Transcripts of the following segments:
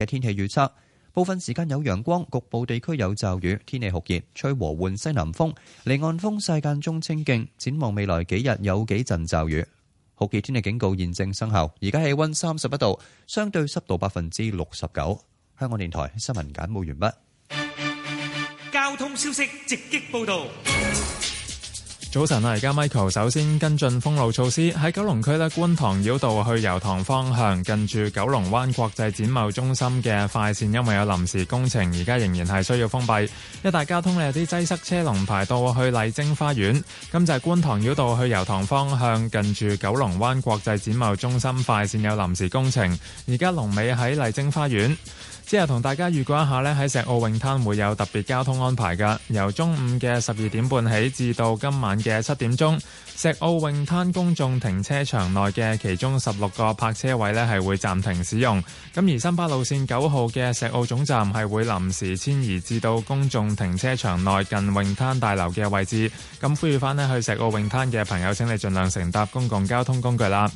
嘅天氣預測，部分時間有陽光，局部地區有驟雨，天氣酷熱，吹和緩西南風，離岸風勢間中清勁。展望未來幾日有幾陣驟雨，酷熱天氣警告現正生效。而家氣温三十一度，相對濕度百分之六十九。香港電台新聞簡報完畢。交通消息直擊報道。早晨啊，而家 Michael 首先跟進封路措施喺九龍區咧，觀塘繞道去油塘方向近住九龍灣國際展貿中心嘅快線，因為有臨時工程，而家仍然係需要封閉一帶交通咧，有啲擠塞車龍排到去麗晶花園。咁就係觀塘繞道去油塘方向近住九龍灣國際展貿中心快線有臨時工程，而家龍尾喺麗晶花園。之後同大家預告一下咧，喺石澳泳灘會有特別交通安排㗎。由中午嘅十二點半起至到今晚嘅七點鐘，石澳泳灘公眾停車場內嘅其中十六個泊車位咧，係會暫停使用。咁而新巴路線九號嘅石澳總站係會臨時遷移至到公眾停車場內近泳灘大樓嘅位置。咁呼籲返去石澳泳灘嘅朋友，請你盡量乘搭公共交通工具啦。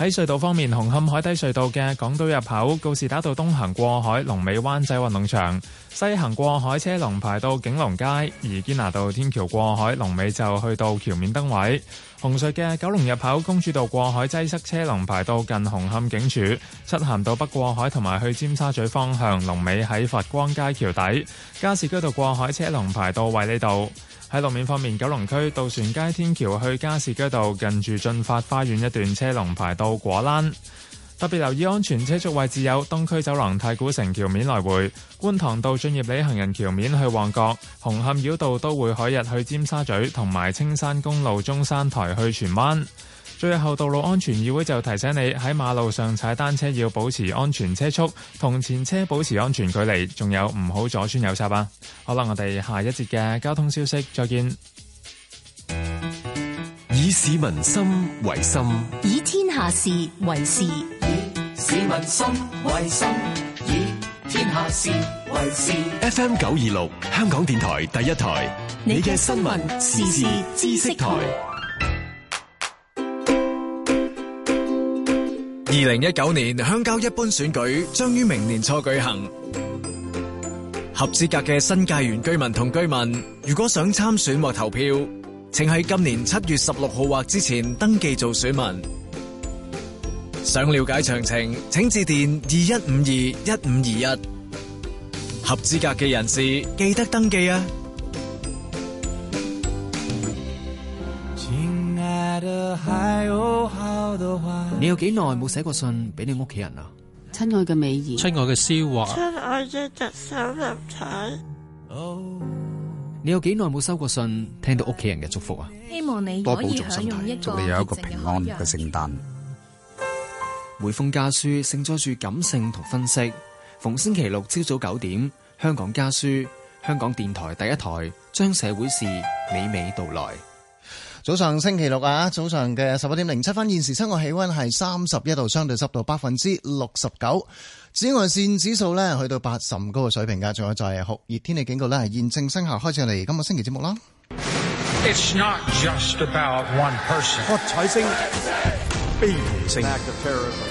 喺隧道方面，紅磡海底隧道嘅港島入口告士打道東行過海，龍尾灣仔運動場西行過海車龍排到景隆街；而堅拿道天橋過海龍尾就去到橋面燈位。紅隧嘅九龍入口公主道過海擠塞車龍排到近紅磡警署，漆咸道北過海同埋去尖沙咀方向龍尾喺佛光街橋底。加士居道過海車龍排到衛理道。喺路面方面，九龍區渡船街天橋去加士居道近住駿發花園一段車龍排到果欄。特別留意安全車速位置有：東區走廊太古城橋面來回、觀塘道駿業里行人橋面去旺角、紅磡繞道都會海日去尖沙咀，同埋青山公路中山台去荃灣。最後，道路安全議會就提醒你喺馬路上踩單車要保持安全車速，同前車保持安全距離，仲有唔好左穿右插啊！好啦，我哋下一節嘅交通消息再見。以市民心為心，以天下事為事。以市民心為心，以天下事為事。FM 九二六，香港電台第一台，你嘅新聞時事知識台。二零一九年鄉郊一般選舉將於明年初舉行。合資格嘅新界原居民同居民，如果想參選或投票，請喺今年七月十六號或之前登記做選民。想了解詳情，請致電二一五二一五二一。合資格嘅人士記得登記啊！你有幾耐冇寫過信俾你屋企人啊？親愛嘅美兒，親愛嘅肖華，親愛的侄孫女仔，你有幾耐冇收過信？聽到屋企人嘅祝福啊！希望你可以多保重身體，祝你有一個平安嘅聖誕。每封家書承載住感性同分析。逢星期六朝早九點，香港家書，香港電台第一台，將社會事娓娓道來。早上星期六啊，早上嘅十九點零七分，現時室外氣溫係三十一度，相對濕度百分之六十九，紫外線指數咧去到八，甚高嘅水平噶，仲有就係酷熱天氣警告咧，現正生效，開始嚟今個星期節目啦。think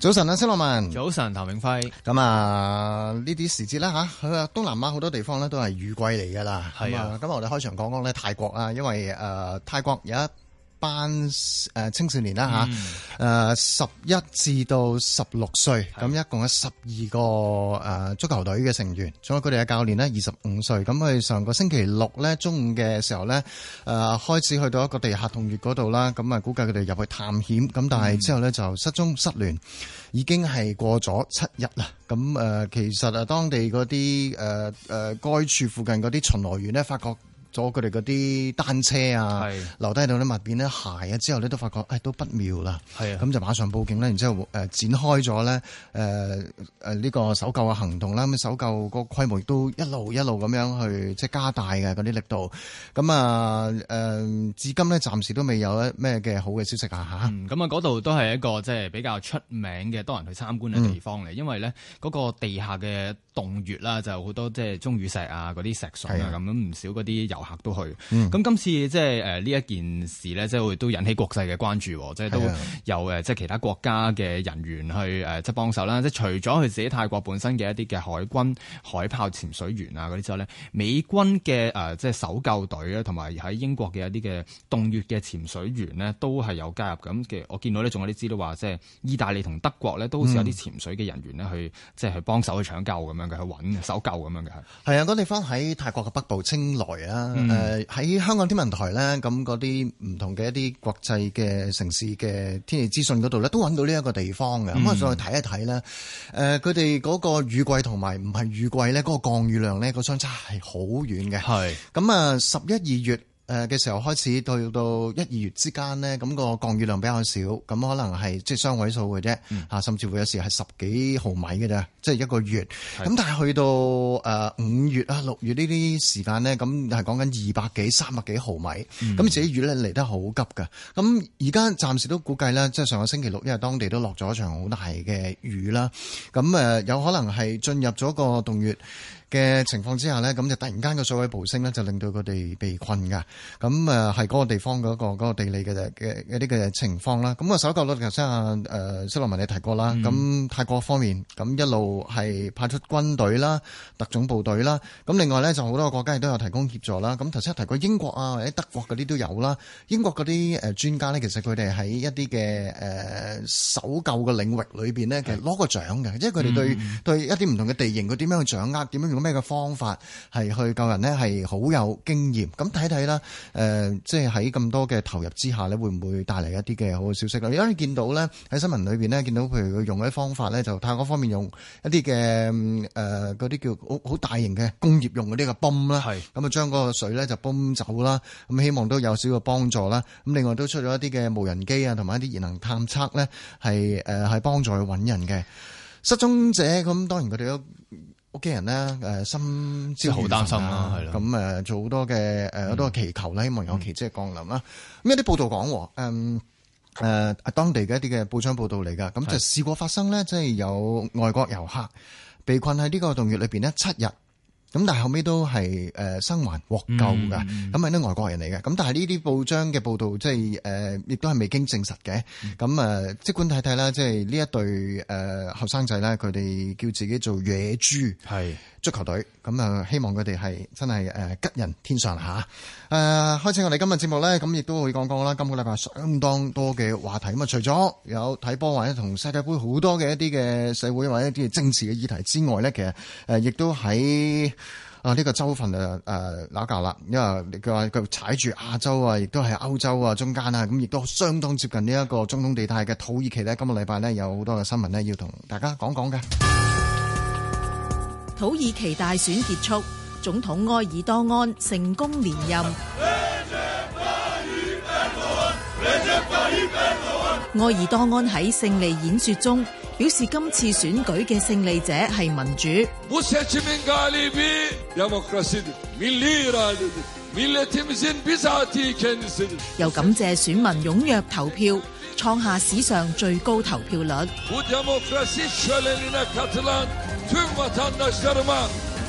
早晨啊，新浪文。早晨，譚永輝。咁啊，呢啲時節啦吓，去啊東南亞好多地方咧都係雨季嚟噶啦。係啊的，咁我哋開場講講咧泰國啦，因為誒、呃，泰國有一。班誒青少年啦吓，十一、嗯呃、至到十六歲，咁是的 一共有十二個誒、呃、足球隊嘅成員，仲有佢哋嘅教練咧，二十五歲，咁佢哋上個星期六咧中午嘅時候咧，誒、呃、開始去到一個地下洞穴嗰度啦，咁啊估計佢哋入去探險，咁但係之後咧、嗯、就失蹤失聯，已經係過咗七日啦。咁、呃、誒其實啊，當地嗰啲誒誒該處附近嗰啲巡邏員咧，發覺咗佢哋嗰啲單車啊，的留低喺度啲物件、呢，鞋啊，之後咧都發覺誒、哎、都不妙啦，咁的就馬上報警啦，然之後誒展開咗咧誒誒呢個搜救嘅行動啦。咁搜救個規模都一路一路咁樣去即係加大嘅嗰啲力度。咁啊誒至今咧暫時都未有咧咩嘅好嘅消息啊嚇。咁啊嗰度都係一個即係比較出名嘅多人去參觀嘅地方嚟，嗯、因為咧嗰、嗰個地下嘅洞穴啦，就好多即係鐘乳石啊、嗰啲石筍啊咁樣，唔少嗰啲油。遊客都去，咁、今、嗯、次即係誒呢一件事呢，即係都引起國際嘅關注，即係都有誒即係其他國家嘅人員去誒即係幫手啦。即係除咗佢自己泰國本身嘅一啲嘅海軍海豹潛水員啊嗰啲之後呢，美軍嘅誒即係搜救隊啊，同埋喺英國嘅一啲嘅洞穴嘅潛水員呢，都係有加入。咁嘅我見到呢，仲有啲資料話，即係意大利同德國呢，都好似有啲潛水嘅人員呢，去即係去幫手去搶救咁樣嘅，去搵搜救咁樣嘅係。啊、嗯，嗰地方喺泰國嘅北部清萊啊。誒，喺、嗯呃、香港天文台咧，咁嗰啲唔同嘅一啲國際嘅城市嘅天氣資訊嗰度咧，都揾到呢一個地方嘅。咁、嗯、我再睇一睇咧，誒、呃，佢哋嗰個雨季同埋唔係雨季咧，嗰個降雨量咧，嗰個相差係好遠嘅。係咁是啊，十一二月。誒嘅時候開始到到一二月之間呢，咁個降雨量比較少，咁可能係即係雙位數嘅啫，嗯、甚至會有時係十幾毫米嘅啫，即、就、係、是、一個月。咁是的 但係去到誒五月啊、六月呢啲時間呢，咁係講緊二百幾、三百幾毫米。咁、嗯、自己雨咧嚟得好急㗎。咁而家暫時都估計呢，即係上個星期六，因為當地都落咗場好大嘅雨啦。咁誒有可能係進入咗個洞月，嘅情況之下咧，咁就突然間個水位暴升咧，就令到佢哋被困㗎。咁啊，係嗰個地方嗰個嗰個地理嘅嘅嘅呢個情況啦。咁個搜救咧，頭先啊誒蘇立文你提過啦。咁泰國方面，咁一路係派出軍隊啦、特種部隊啦。咁另外咧，就好多國家亦都有提供協助啦。咁頭先提過英國啊，或者德國嗰啲都有啦。英國嗰啲誒專家咧，其實佢哋喺一啲嘅誒搜救嘅領域裏邊咧，其實攞過獎嘅，即係佢哋對對一啲唔同嘅地形，佢點樣去掌握，點樣用。咩嘅方法係去救人呢？係好有經驗咁睇睇啦。誒、呃，即係喺咁多嘅投入之下呢，會唔會帶嚟一啲嘅好消息咧？因為你見到呢，喺新聞裏邊呢，見到譬如佢用一啲方法呢，就泰國方面用一啲嘅誒嗰啲叫好好大型嘅工業用嗰啲嘅泵啦，係咁啊，將嗰個水呢，就泵走啦。咁希望都有少少幫助啦。咁另外都出咗一啲嘅無人機啊，同埋一啲熱能探測呢，係誒係幫助去揾人嘅失蹤者。咁當然佢哋都。屋企人咧，誒心焦好擔心啦，係啦、啊。咁誒做好多嘅誒好多祈求啦，希望有奇蹟嘅降臨啦。咁有啲報道講，誒、嗯、誒、呃、當地嘅一啲嘅報章報道嚟噶，咁就試過發生咧，的即係有外國遊客被困喺呢個洞穴裏邊呢，七日。咁但係後尾都係誒生還獲救㗎。咁係啲外國人嚟嘅。但係呢啲報章嘅報導，即係誒，亦、呃、都係未經證實嘅。咁誒、嗯，即管睇睇啦，即係呢一隊誒後生仔咧，佢、呃、哋叫自己做野豬係足球隊，咁啊是，希望佢哋係真係誒、呃、吉人天上下、啊。誒，開始我哋今日節目咧，咁亦都會講講啦。今個禮拜相當多嘅話題咁啊，除咗有睇波或者同世界盃好多嘅一啲嘅社會或者一啲政治嘅議題之外咧，其實誒亦都喺啊呢個洲份誒誒扭架啦。因為佢話佢踩住亞洲啊，亦都係歐洲啊中間啊，咁亦都相當接近呢一個中東地帶嘅土耳其咧。今個禮拜咧有好多嘅新聞咧要同大家講講嘅。土耳其大選結束。總統埃爾多安成功連任。埃爾多安喺勝利演說中表示，今次選舉嘅勝利者係民主，又感謝選民踴躍投票，創下史上最高投票率。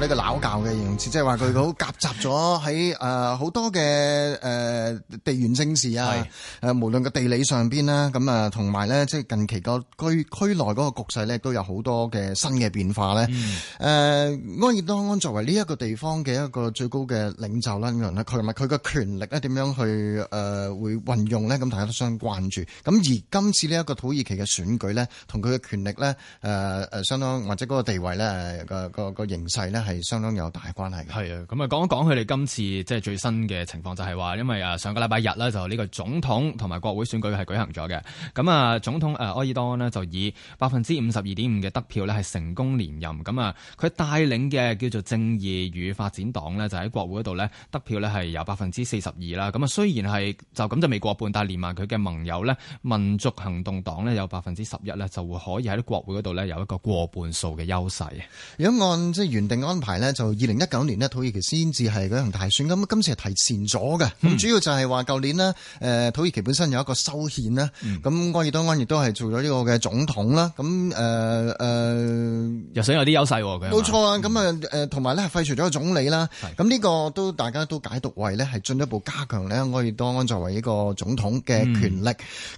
呢個撈教嘅形容詞，即係話佢好夾雜咗喺誒好多嘅誒、呃、地緣政事啊！誒是、呃，無論個地理上邊啦，咁、呃、啊，同埋咧，即係近期個區區內嗰個局勢咧，都有好多嘅新嘅變化咧。誒、嗯呃，埃爾多安作為呢一個地方嘅一個最高嘅領袖啦，佢同埋佢嘅權力咧點樣去誒、呃、會運用咧？咁大家都相關注。咁而今次呢一個土耳其嘅選舉咧，同佢嘅權力咧，誒、呃、誒，相當或者嗰個地位咧，呃那個個、那個形勢咧。係相當有大關係嘅。係啊，咁啊講一講佢哋今次即係最新嘅情況，就係話因為啊上個禮拜日呢，就呢個總統同埋國會選舉係舉行咗嘅。咁啊總統誒埃爾多安呢就以百分之五十二點五嘅得票呢，係成功連任。咁啊佢帶領嘅叫做正義與發展黨呢，就喺國會嗰度呢，得票呢係有百分之四十二啦。咁啊雖然係就咁就未過半，但係連埋佢嘅盟友呢，民族行動黨呢，有百分之十一呢，就會可以喺國會嗰度呢，有一個過半數嘅優勢。如果按即係原定安排咧，就二零一九年呢土耳其先至係舉行大選，咁今次係提前咗嘅。咁主要就係話舊年呢誒土耳其本身有一個修憲啦，咁、嗯、埃爾多安亦都係做咗呢個嘅總統啦。咁誒誒，呃、又想有啲優勢，嘅，冇錯啊。咁啊誒，同埋咧廢除咗個總理啦。咁呢的個都大家都解讀為咧係進一步加強呢埃爾多安作為一個總統嘅權力。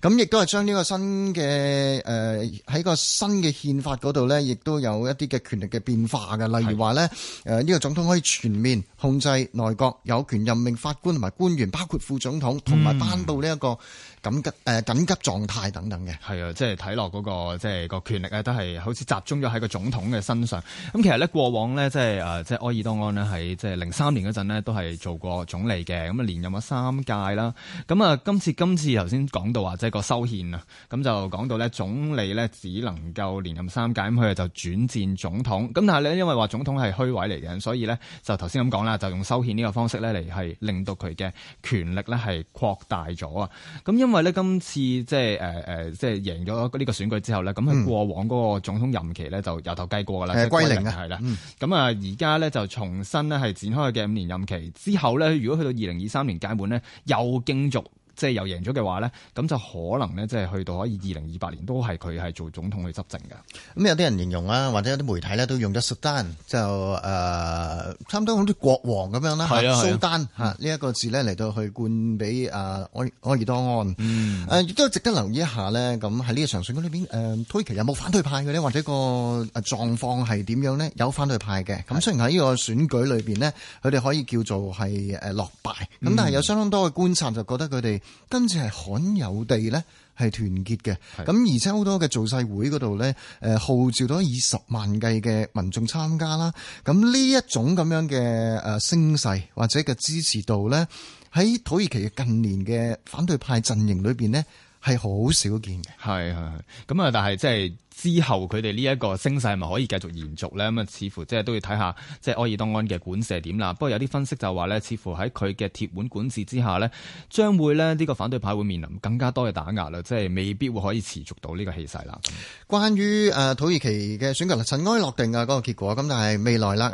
咁亦都係將呢個新嘅誒喺個新嘅憲法度咧，亦都有一啲嘅權力嘅變化嘅，例如話咧。誒，呢個總統可以全面控制內閣，有權任命法官同埋官員，包括副總統同埋頒布呢、這、一個。嗯緊急誒、呃、緊急狀態等等嘅，係啊，即係睇落嗰個即係個權力呢，都係好似集中咗喺個總統嘅身上。咁其實咧過往咧，即係誒即係埃爾多安呢，喺即係零三年嗰陣呢，都係做過總理嘅，咁啊連任咗三屆啦。咁啊今次今次頭先講到話，即係個修憲啊，咁就講到咧總理咧只能夠連任三屆，咁佢就轉戰總統。咁但係咧因為話總統係虛位嚟嘅，所以咧就頭先咁講啦，就用修憲呢個方式咧嚟係令到佢嘅權力咧係擴大咗啊。咁因因為咧，今次即係誒誒，即係贏咗呢個選舉之後咧，咁佢、嗯、過往嗰個總統任期咧就由頭計過噶啦，係歸零係啦。咁啊，而家咧就重新咧係展開嘅五年任期之後咧，如果去到二零二三年屆滿咧，又競逐。即係又贏咗嘅話咧，咁就可能咧，即係去到可以二零二八年都係佢係做總統去執政嘅。咁、嗯、有啲人形容啦，或者有啲媒體咧都用咗蘇丹，就誒，差唔多好似國王咁樣啦。係啊，蘇丹嚇呢一個字咧嚟到去灌俾阿埃埃爾多安。誒亦都值得留意一下咧，咁喺呢個場選舉裏面，土耳、呃、其有冇反對派嘅咧？或者個狀況係點樣咧？有反對派嘅，咁、啊、雖然喺呢個選舉裏面呢，佢哋可以叫做係落敗，咁、嗯、但係有相當多嘅觀察就覺得佢哋。跟住係罕有地咧，係團結嘅。咁而且好多嘅造勢會嗰度咧，誒號召到二十萬計嘅民眾參加啦。咁呢一種咁樣嘅誒聲勢或者嘅支持度咧，喺土耳其嘅近年嘅反對派陣營裏邊咧，係好少見嘅。係係係，咁啊，但係即係。之後佢哋呢一個聲勢係咪可以繼續延續咧？咁啊，似乎即係都要睇下即係埃爾多安嘅管治點啦。不過有啲分析就話咧，似乎喺佢嘅鐵腕管治之下呢，將會呢，呢個反對派會面臨更加多嘅打壓啦，即係未必會可以持續到呢個氣勢啦。關於誒土耳其嘅選舉啦，塵埃落定啊嗰個結果，咁但係未來啦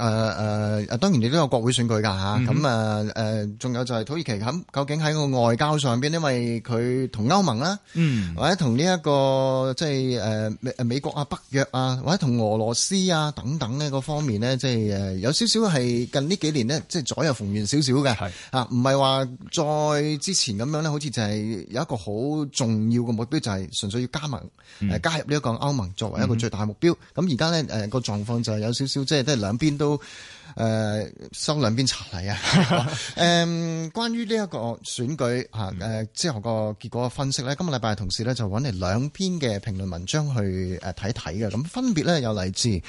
誒誒，當然你都有國會選舉㗎嚇，咁、嗯、哼啊仲、呃、有就係土耳其咁究竟喺個外交上邊因為佢同歐盟啦，嗯，或者同呢一個即係美、呃、美。美國啊、北約啊，或者同俄羅斯啊等等呢個方面呢，即係誒有少少係近呢幾年呢，即係左右逢源少少嘅。係啊是，唔係話再之前咁樣咧，好似就係有一個好重要嘅目標，就係純粹要加盟誒、嗯、加入呢一個歐盟，作為一個最大目標。咁而家咧，誒個狀況就係有少少，即係都係兩邊都。誒、呃，收兩邊查理啊！誒、 嗯，關於呢一個選舉嚇誒、呃、之後個結果分析咧，今個禮拜同事咧就揾嚟兩篇嘅評論文章去誒睇睇嘅，咁分別咧有嚟自誒、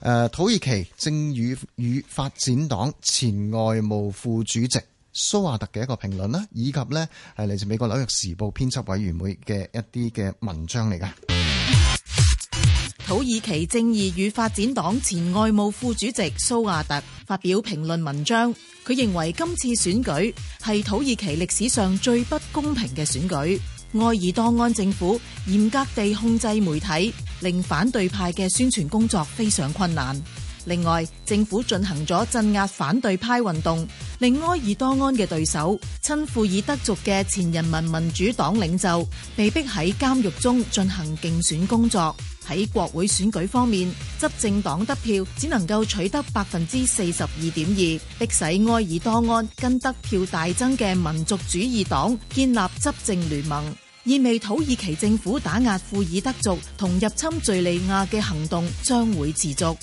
呃、土耳其正義與發展黨前外務副主席蘇華特嘅一個評論啦，以及咧係嚟自美國紐約時報編輯委員會嘅一啲嘅文章嚟㗎。土耳其正義與發展黨前外務副主席蘇亞特發表評論文章，佢認為今次選舉係土耳其歷史上最不公平嘅選舉。埃爾多安政府嚴格地控制媒體，令反對派嘅宣傳工作非常困難。另外，政府進行咗鎮壓反對派運動。令埃爾多安嘅對手親庫爾德族嘅前人民民主黨領袖被逼喺監獄中進行競選工作。喺國會選舉方面，執政黨得票只能夠取得百分之四十二點二，迫使埃爾多安跟得票大增嘅民族主義黨建立執政聯盟，意味土耳其政府打壓庫爾德族同入侵敘利亞嘅行動將會持續。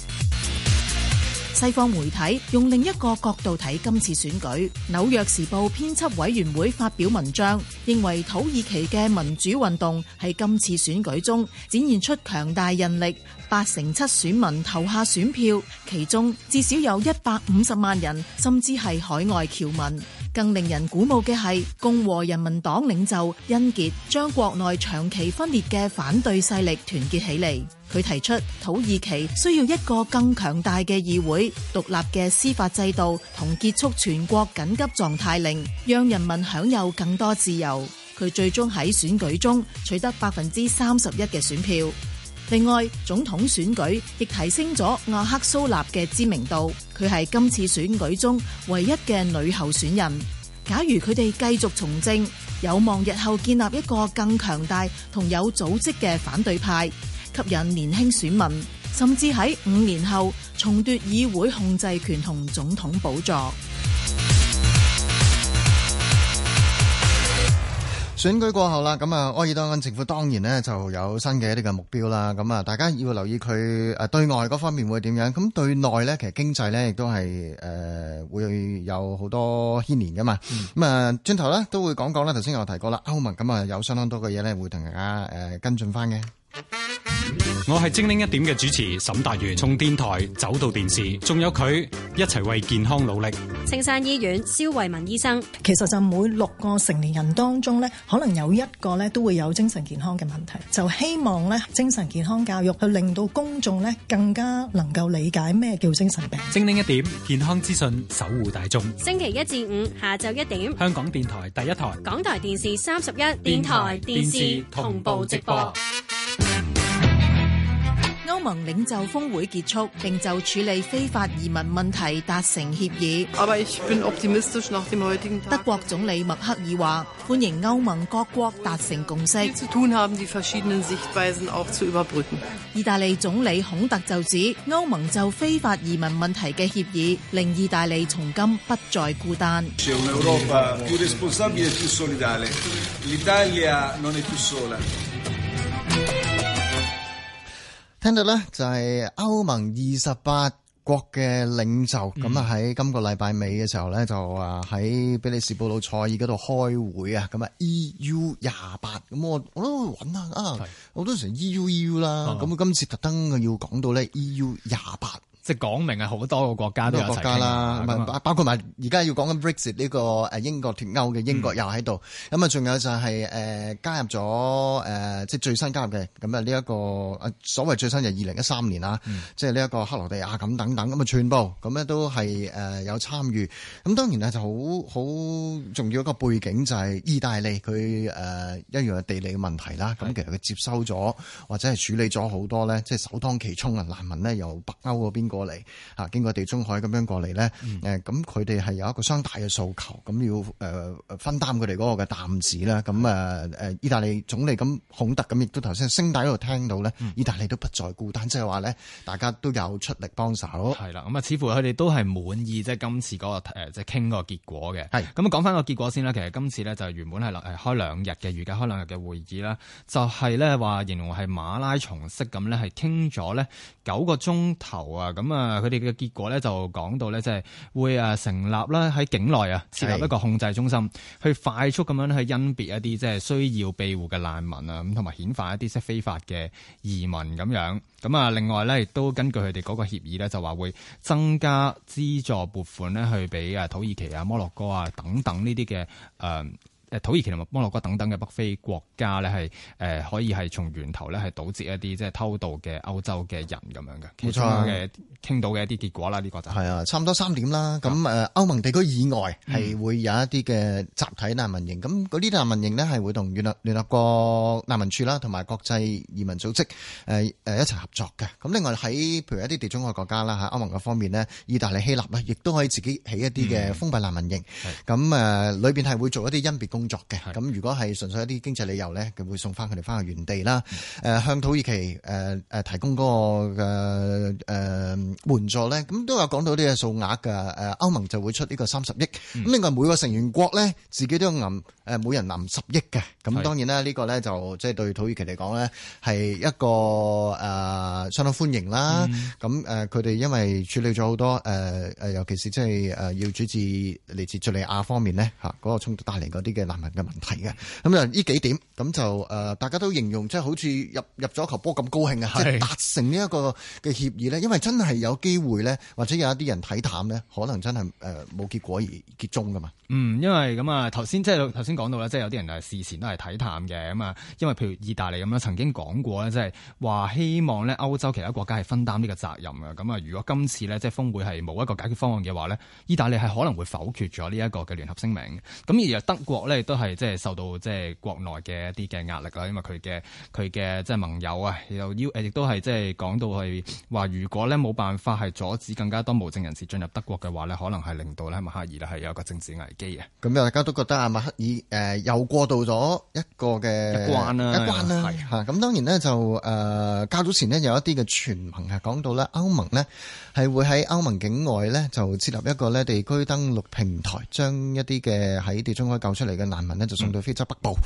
西方媒體用另一個角度睇今次選舉，《紐約時報》編輯委員會發表文章，認為土耳其嘅民主運動喺今次選舉中展現出強大韌力，八成七選民投下選票，其中至少有一百五十萬人，甚至係海外僑民。更令人鼓舞嘅係，共和人民黨領袖恩杰將國內長期分裂嘅反對勢力團結起嚟。佢提出土耳其需要一個更強大嘅議會、獨立嘅司法制度同結束全國緊急狀態令，讓人民享有更多自由。佢最終喺選舉中取得百分之三十一嘅選票。另外，總統選舉亦提升咗阿克蘇納嘅知名度。佢係今次選舉中唯一嘅女候選人。假如佢哋繼續從政，有望日後建立一個更強大同有組織嘅反對派，吸引年輕選民，甚至喺五年後重奪議會控制權同總統寶座。選舉過後啦，咁啊，埃爾多安政府當然咧就有新嘅一啲嘅目標啦。咁啊，大家要留意佢誒對外嗰方面會點樣？咁對內咧，其實經濟咧亦都係誒會有好多牽連噶嘛。咁啊、嗯，轉頭咧都會講講啦。頭先有提過啦，歐盟咁啊有相當多嘅嘢咧會同大家誒跟進翻嘅。我係精靈一點嘅主持沈達元，從電台走到電視，仲有佢一齊為健康努力。青山醫院蕭慧文醫生，其實就每六個成年人當中呢，可能有一個呢都會有精神健康嘅問題。就希望呢精神健康教育去令到公眾呢更加能夠理解咩叫精神病。精靈一點健康資訊，守護大眾。星期一至五下晝一點，香港電台第一台，港台電視三十一，電台電視同步直播。歐盟領袖峰會結束，並就處理非法移民問題達成協議。德國總理默克爾話：歡迎歐盟各國達成共識。意大利總理孔特就指，歐盟就非法移民問題嘅協議，令意大利從今不再孤單。聽到咧就係歐盟二十八國嘅領袖，咁啊喺今個禮拜尾嘅時候咧就啊喺比利時布魯塞爾嗰度開會, 28，我都會啊，咁啊 E U 廿八，咁我我都搵下啊，好多時 E U E U 啦、啊，咁今次特登要講到咧 E U 廿八。即係講明係好多個國家都有齊國家啦，咁啊吧包括埋而家要講緊 Brexit 呢個誒英國脫歐嘅英國又喺度，咁啊仲有就係、是、誒、呃、加入咗誒、呃、即係最新加入嘅，咁啊呢一個啊所謂最新就係二零一三年啦，嗯、即係呢一個克羅地亞咁等等，咁啊全部咁咧都係誒有參與，咁當然啦就好好重要一個背景就係意大利佢誒、呃、一樣嘅地理嘅問題啦，咁其實佢接收咗或者係處理咗好多咧，即係首當其衝啊難民咧由北歐嗰邊個。過嚟啊，經過地中海咁樣過嚟咧，誒、嗯，咁佢哋係有一個雙大嘅訴求，咁要誒分擔佢哋嗰個嘅擔子啦。咁誒誒，意大利總理咁孔特咁，亦都頭先升大嗰度聽到咧，嗯、意大利都不再孤單，即係話咧，大家都有出力幫手囉。係啦，咁啊，似乎佢哋都係滿意即係今次嗰、個誒即係傾個結果嘅。係咁啊，講返個結果先啦。其實今次咧就原本係誒開兩日嘅預計開兩日嘅會議啦，就係咧話形容係馬拉松式咁咧係傾咗咧九個鐘頭啊咁。咁啊，佢哋嘅結果咧就講到咧，即係會啊成立啦喺境內啊設立一個控制中心，的去快速咁樣去甄別一啲即係需要庇護嘅難民啊，咁同埋遣返一啲即係非法嘅移民咁樣。咁啊，另外咧亦都根據佢哋嗰個協議咧，就話會增加資助撥款咧去俾啊土耳其啊摩洛哥啊等等呢啲嘅誒。呃土耳其同埋摩洛哥等等嘅北非國家咧，係誒可以係從源頭咧係堵截一啲即係偷渡嘅歐洲嘅人咁樣嘅，冇錯嘅、啊、傾到嘅一啲結果啦，呢個就係，係啊，差唔多三點啦。咁誒，歐盟地區以外係會有一啲嘅集體難民營。咁嗰啲難民營呢，係會同聯合聯合國難民處啦，同埋國際移民組織誒誒一齊合作嘅。咁另外喺譬如一啲地中海國家啦嚇，歐盟嘅方面呢，意大利、希臘呢，亦都可以自己起一啲嘅封閉難民營。咁誒裏邊係會做一啲甄別工作嘅，咁如果係純粹一啲經濟理由咧，佢會送翻佢哋翻去原地啦。誒，向土耳其誒誒提供嗰個嘅誒援助咧，咁都有講到啲嘅數額噶。誒，歐盟就會出呢個三十億，咁另外每個成員國咧，自己都有攬誒，每人攬十億嘅。咁當然啦，呢個咧就即係對土耳其嚟講咧，係一個誒相當歡迎啦。咁誒，佢哋因為處理咗好多誒誒，尤其是即係誒要處置嚟自敘利亞方面咧嚇嗰個衝突帶嚟嗰啲嘅。難民嘅問題嘅，咁啊呢幾點咁就誒，大家都形容即係好似入入咗球波咁高興啊！是即係達成呢一個嘅協議咧，因為真係有機會咧，或者有一啲人睇淡咧，可能真係誒冇結果而結終噶嘛。嗯，因為咁啊，頭先即係頭先講到啦，即係有啲人係事前都係睇淡嘅，咁啊，因為譬如意大利咁樣曾經講過咧，即係話希望咧歐洲其他國家係分擔呢個責任啊。咁啊，如果今次咧即係峰會係冇一個解決方案嘅話咧，意大利係可能會否決咗呢一個嘅聯合聲明。咁而德國咧。亦都係即係受到即係國內嘅一啲嘅壓力啦，因為佢嘅佢嘅即係盟友啊，又要亦都係即係講到去話，如果咧冇辦法係阻止更加多無證人士進入德國嘅話咧，可能係令到咧默克爾係有一個政治危機嘅。咁大家都覺得阿默克爾誒又過渡咗一個嘅一關啦，啊，一關啦、啊、吓。咁，啊嗯、當然咧就誒，較早前咧有一啲嘅傳聞係講到咧歐盟咧係會喺歐盟境外咧就設立一個咧地區登陸平台，將一啲嘅喺地中海救出嚟嘅難民就送到非洲北部，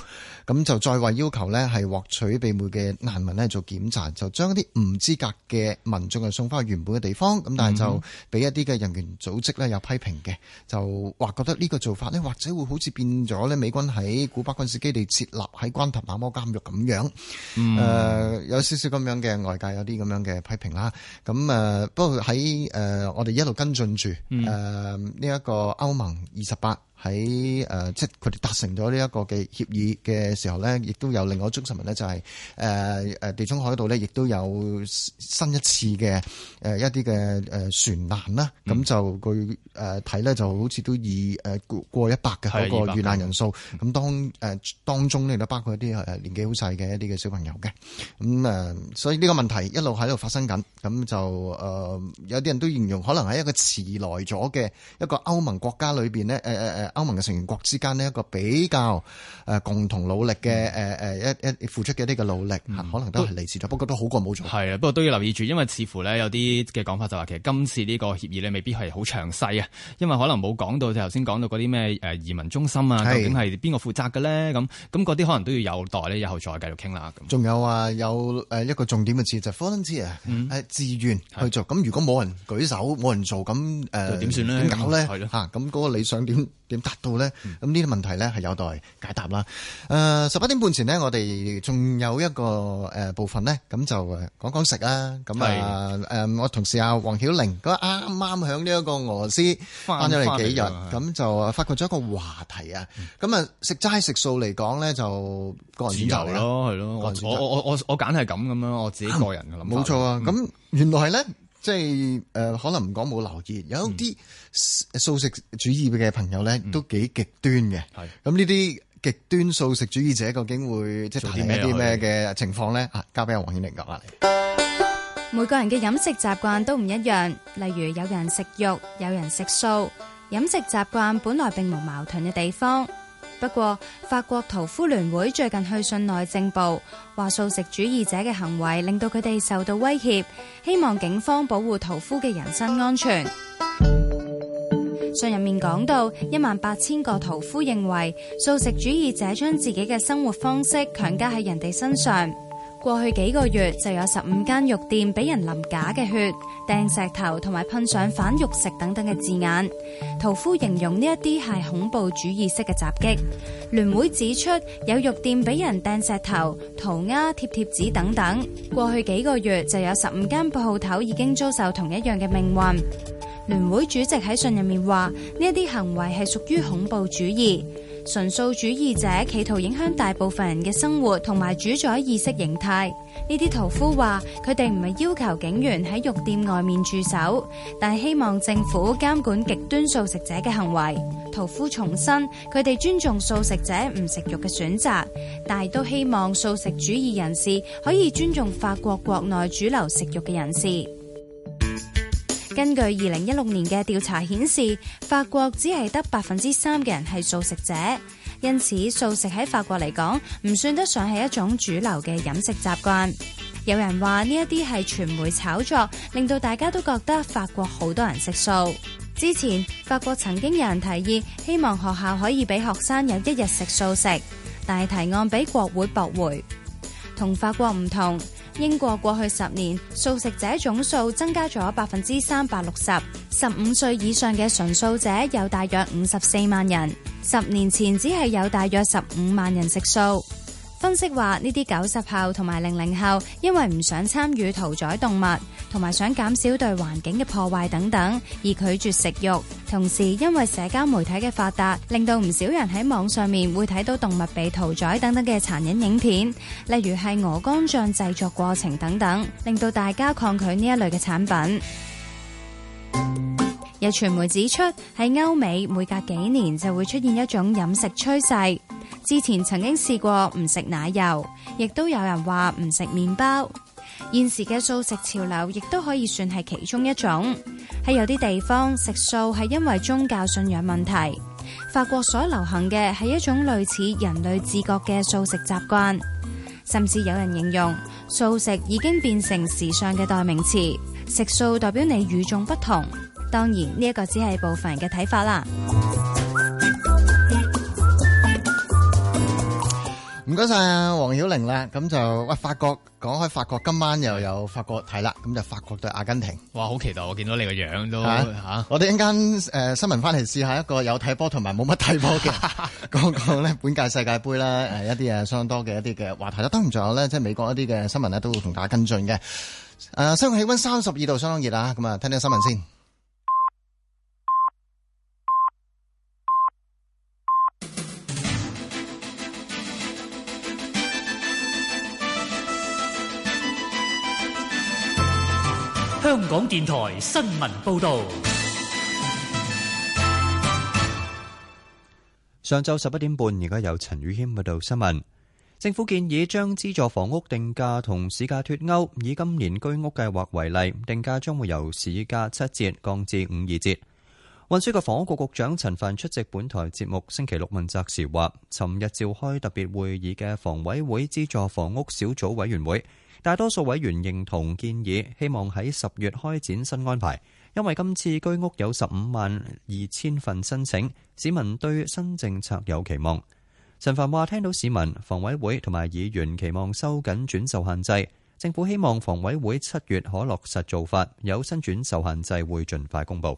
咁就、嗯、再話要求呢係獲取庇護嘅難民呢做檢查，就將一啲唔資格嘅民眾送翻去原本嘅地方，咁但係就俾一啲嘅人權組織呢有批評嘅，就話覺得呢個做法呢或者會好似變咗呢，美軍喺古巴軍事基地設立喺關塔那摩監獄咁樣、嗯呃，有少少咁樣嘅外界有啲咁樣嘅批評啦，咁、呃、誒不過喺誒、呃、我哋一路跟進住誒呢一個歐盟二十八。喺誒、呃，即係佢哋達成咗呢一個嘅協議嘅時候咧，亦都有另外一種新聞咧，就係、是、誒、呃、地中海度咧，亦都有新一次嘅誒、呃、一啲嘅誒船難啦。咁、嗯、就佢誒睇咧，呃、就好似都以誒、呃、過一百嘅個個遇難人數。咁當誒、呃、當中呢，都包括一啲年紀好細嘅一啲嘅小朋友嘅。咁、嗯、誒、呃，所以呢個問題一路喺度發生緊。咁就誒、呃、有啲人都形容，可能喺一個遲來咗嘅一個歐盟國家裏面呢。呃呃歐盟嘅成員國之間呢，一個比較誒共同努力嘅誒誒一一付出嘅呢個努力、嗯、可能都係嚟遲咗，嗯、不過都好過冇做。係啊，不過都要留意住，因為似乎咧有啲嘅講法就話，其實今次呢個協議咧未必係好詳細啊，因為可能冇講到頭先講到嗰啲咩誒移民中心啊，究竟係邊個負責嘅咧？咁咁嗰啲可能都要有待咧，以後再繼續傾啦。咁仲有啊，有誒一個重點嘅字就自願去做。咁的如果冇人舉手，冇人做，咁誒點算咧？點搞咧？係咁嗰個理想點？點達到咧？咁呢啲問題咧係有待解答啦。誒，十一點半前咧，我哋仲有一個誒部分咧，咁就講講食啦。咁啊誒，我同事阿黃曉玲，佢啱啱喺呢一個俄羅斯翻咗嚟幾日，咁就發掘咗一個話題啊。咁啊，食齋食素嚟講咧，就個人選擇咯，係咯。我我我我我我揀係咁咁樣，我自己個人嘅諗法。冇錯啊。咁原來係咧。即係誒、呃，可能唔講冇留意，有啲素食主義嘅朋友咧，都幾極端嘅。係咁呢啲極端素食主義者究竟會即係做啲咩嘅情況咧？啊，交俾阿黃顯玲講下嚟。每個人嘅飲食習慣都唔一樣，例如有人食肉，有人食素，飲食習慣本來並冇矛盾嘅地方。不過，法國屠夫聯會最近去信內政部，話素食主義者嘅行為令到佢哋受到威脅，希望警方保護屠夫嘅人身安全。信入面講到，一萬八千個屠夫認為素食主義者將自己嘅生活方式強加喺人哋身上。過去幾個月就有十五間肉店俾人淋假嘅血、掟石頭同埋噴上反肉食等等嘅字眼。屠夫形容呢一啲係恐怖主義式嘅襲擊。聯會指出，有肉店俾人掟石頭、塗鴉、貼貼紙等等。過去幾個月就有十五間鋪頭已經遭受同一樣嘅命運。聯會主席喺信入面話：呢一啲行為係屬於恐怖主義。純素主義者企圖影響大部分人嘅生活同埋主宰意識形態。呢啲屠夫話，佢哋唔係要求警員喺肉店外面駐守，但係希望政府監管極端素食者嘅行為。屠夫重申，佢哋尊重素食者唔食肉嘅選擇，但係都希望素食主義人士可以尊重法國國內主流食肉嘅人士。根據二零一六年嘅調查顯示，法國只係得百分之三嘅人係素食者，因此素食喺法國嚟講唔算得上係一種主流嘅飲食習慣。有人話呢一啲係傳媒炒作，令到大家都覺得法國好多人食素。之前法國曾經有人提議，希望學校可以俾學生有一日食素食，但係提案俾國會駁回。同法國唔同。英國過去十年素食者總數增加咗百分之三百六十，十五歲以上嘅純素食者有大約五十四萬人，十年前只係有大約十五萬人食素。分析話，呢啲九十後同埋零零後因為唔想參與屠宰動物，同埋想減少對環境嘅破壞等等，而拒絕食肉。同時，因為社交媒體嘅發達，令到唔少人喺網上面會睇到動物被屠宰等等嘅殘忍影片，例如係鵝肝醬製作過程等等，令到大家抗拒呢一類嘅產品。有傳媒指出，喺歐美每隔幾年就會出現一種飲食趨勢。之前曾經試過唔食奶油，亦都有人話唔食麵包。現時嘅素食潮流，亦都可以算係其中一種。喺有啲地方食素係因為宗教信仰問題。法國所流行嘅係一種類似人類自覺嘅素食習慣，甚至有人形容素食已經變成時尚嘅代名詞，食素代表你與眾不同。當然呢一、這個只係部分人嘅睇法啦。唔該晒黃曉玲啦，咁就喂法國，講開法國，今晚又有法國睇啦，咁就法國對阿根廷，哇，好期待！我見到你個樣都吓，啊啊、我哋一陣間誒新聞翻嚟試下一個有睇波同埋冇乜睇波嘅講講咧本屆世界杯啦，誒 一啲嘢相當多嘅一啲嘅，話題啦，都唔仲有咧，即係美國一啲嘅新聞咧，都會同大家跟進嘅。誒、呃，香港氣溫三十二度，相當熱啊！咁啊，聽聽新聞先。香港電台新聞報道：上晝十一點半，而家由陳宇謙報道新聞。政府建議將資助房屋定價同市價脫鈎。以今年居屋計劃為例，定價將會由市價七折降至五二折。運輸及房屋局局長陳帆出席本台節目星期六問責時，話：尋日召開特別會議嘅房委會資助房屋小組委員會。大多數委員認同建議，希望喺十月開展新安排，因為今次居屋有十五萬二千份申請，市民對新政策有期望。陳凡話聽到市民、房委會同埋議員期望收緊轉售限制，政府希望房委會七月可落實做法，有新轉售限制會盡快公布。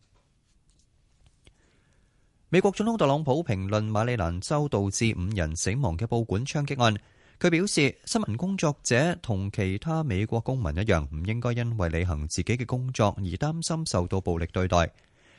美國總統特朗普評論馬里蘭州導致五人死亡嘅報館槍擊案，佢表示：新聞工作者同其他美國公民一樣，唔應該因為履行自己嘅工作而擔心受到暴力對待。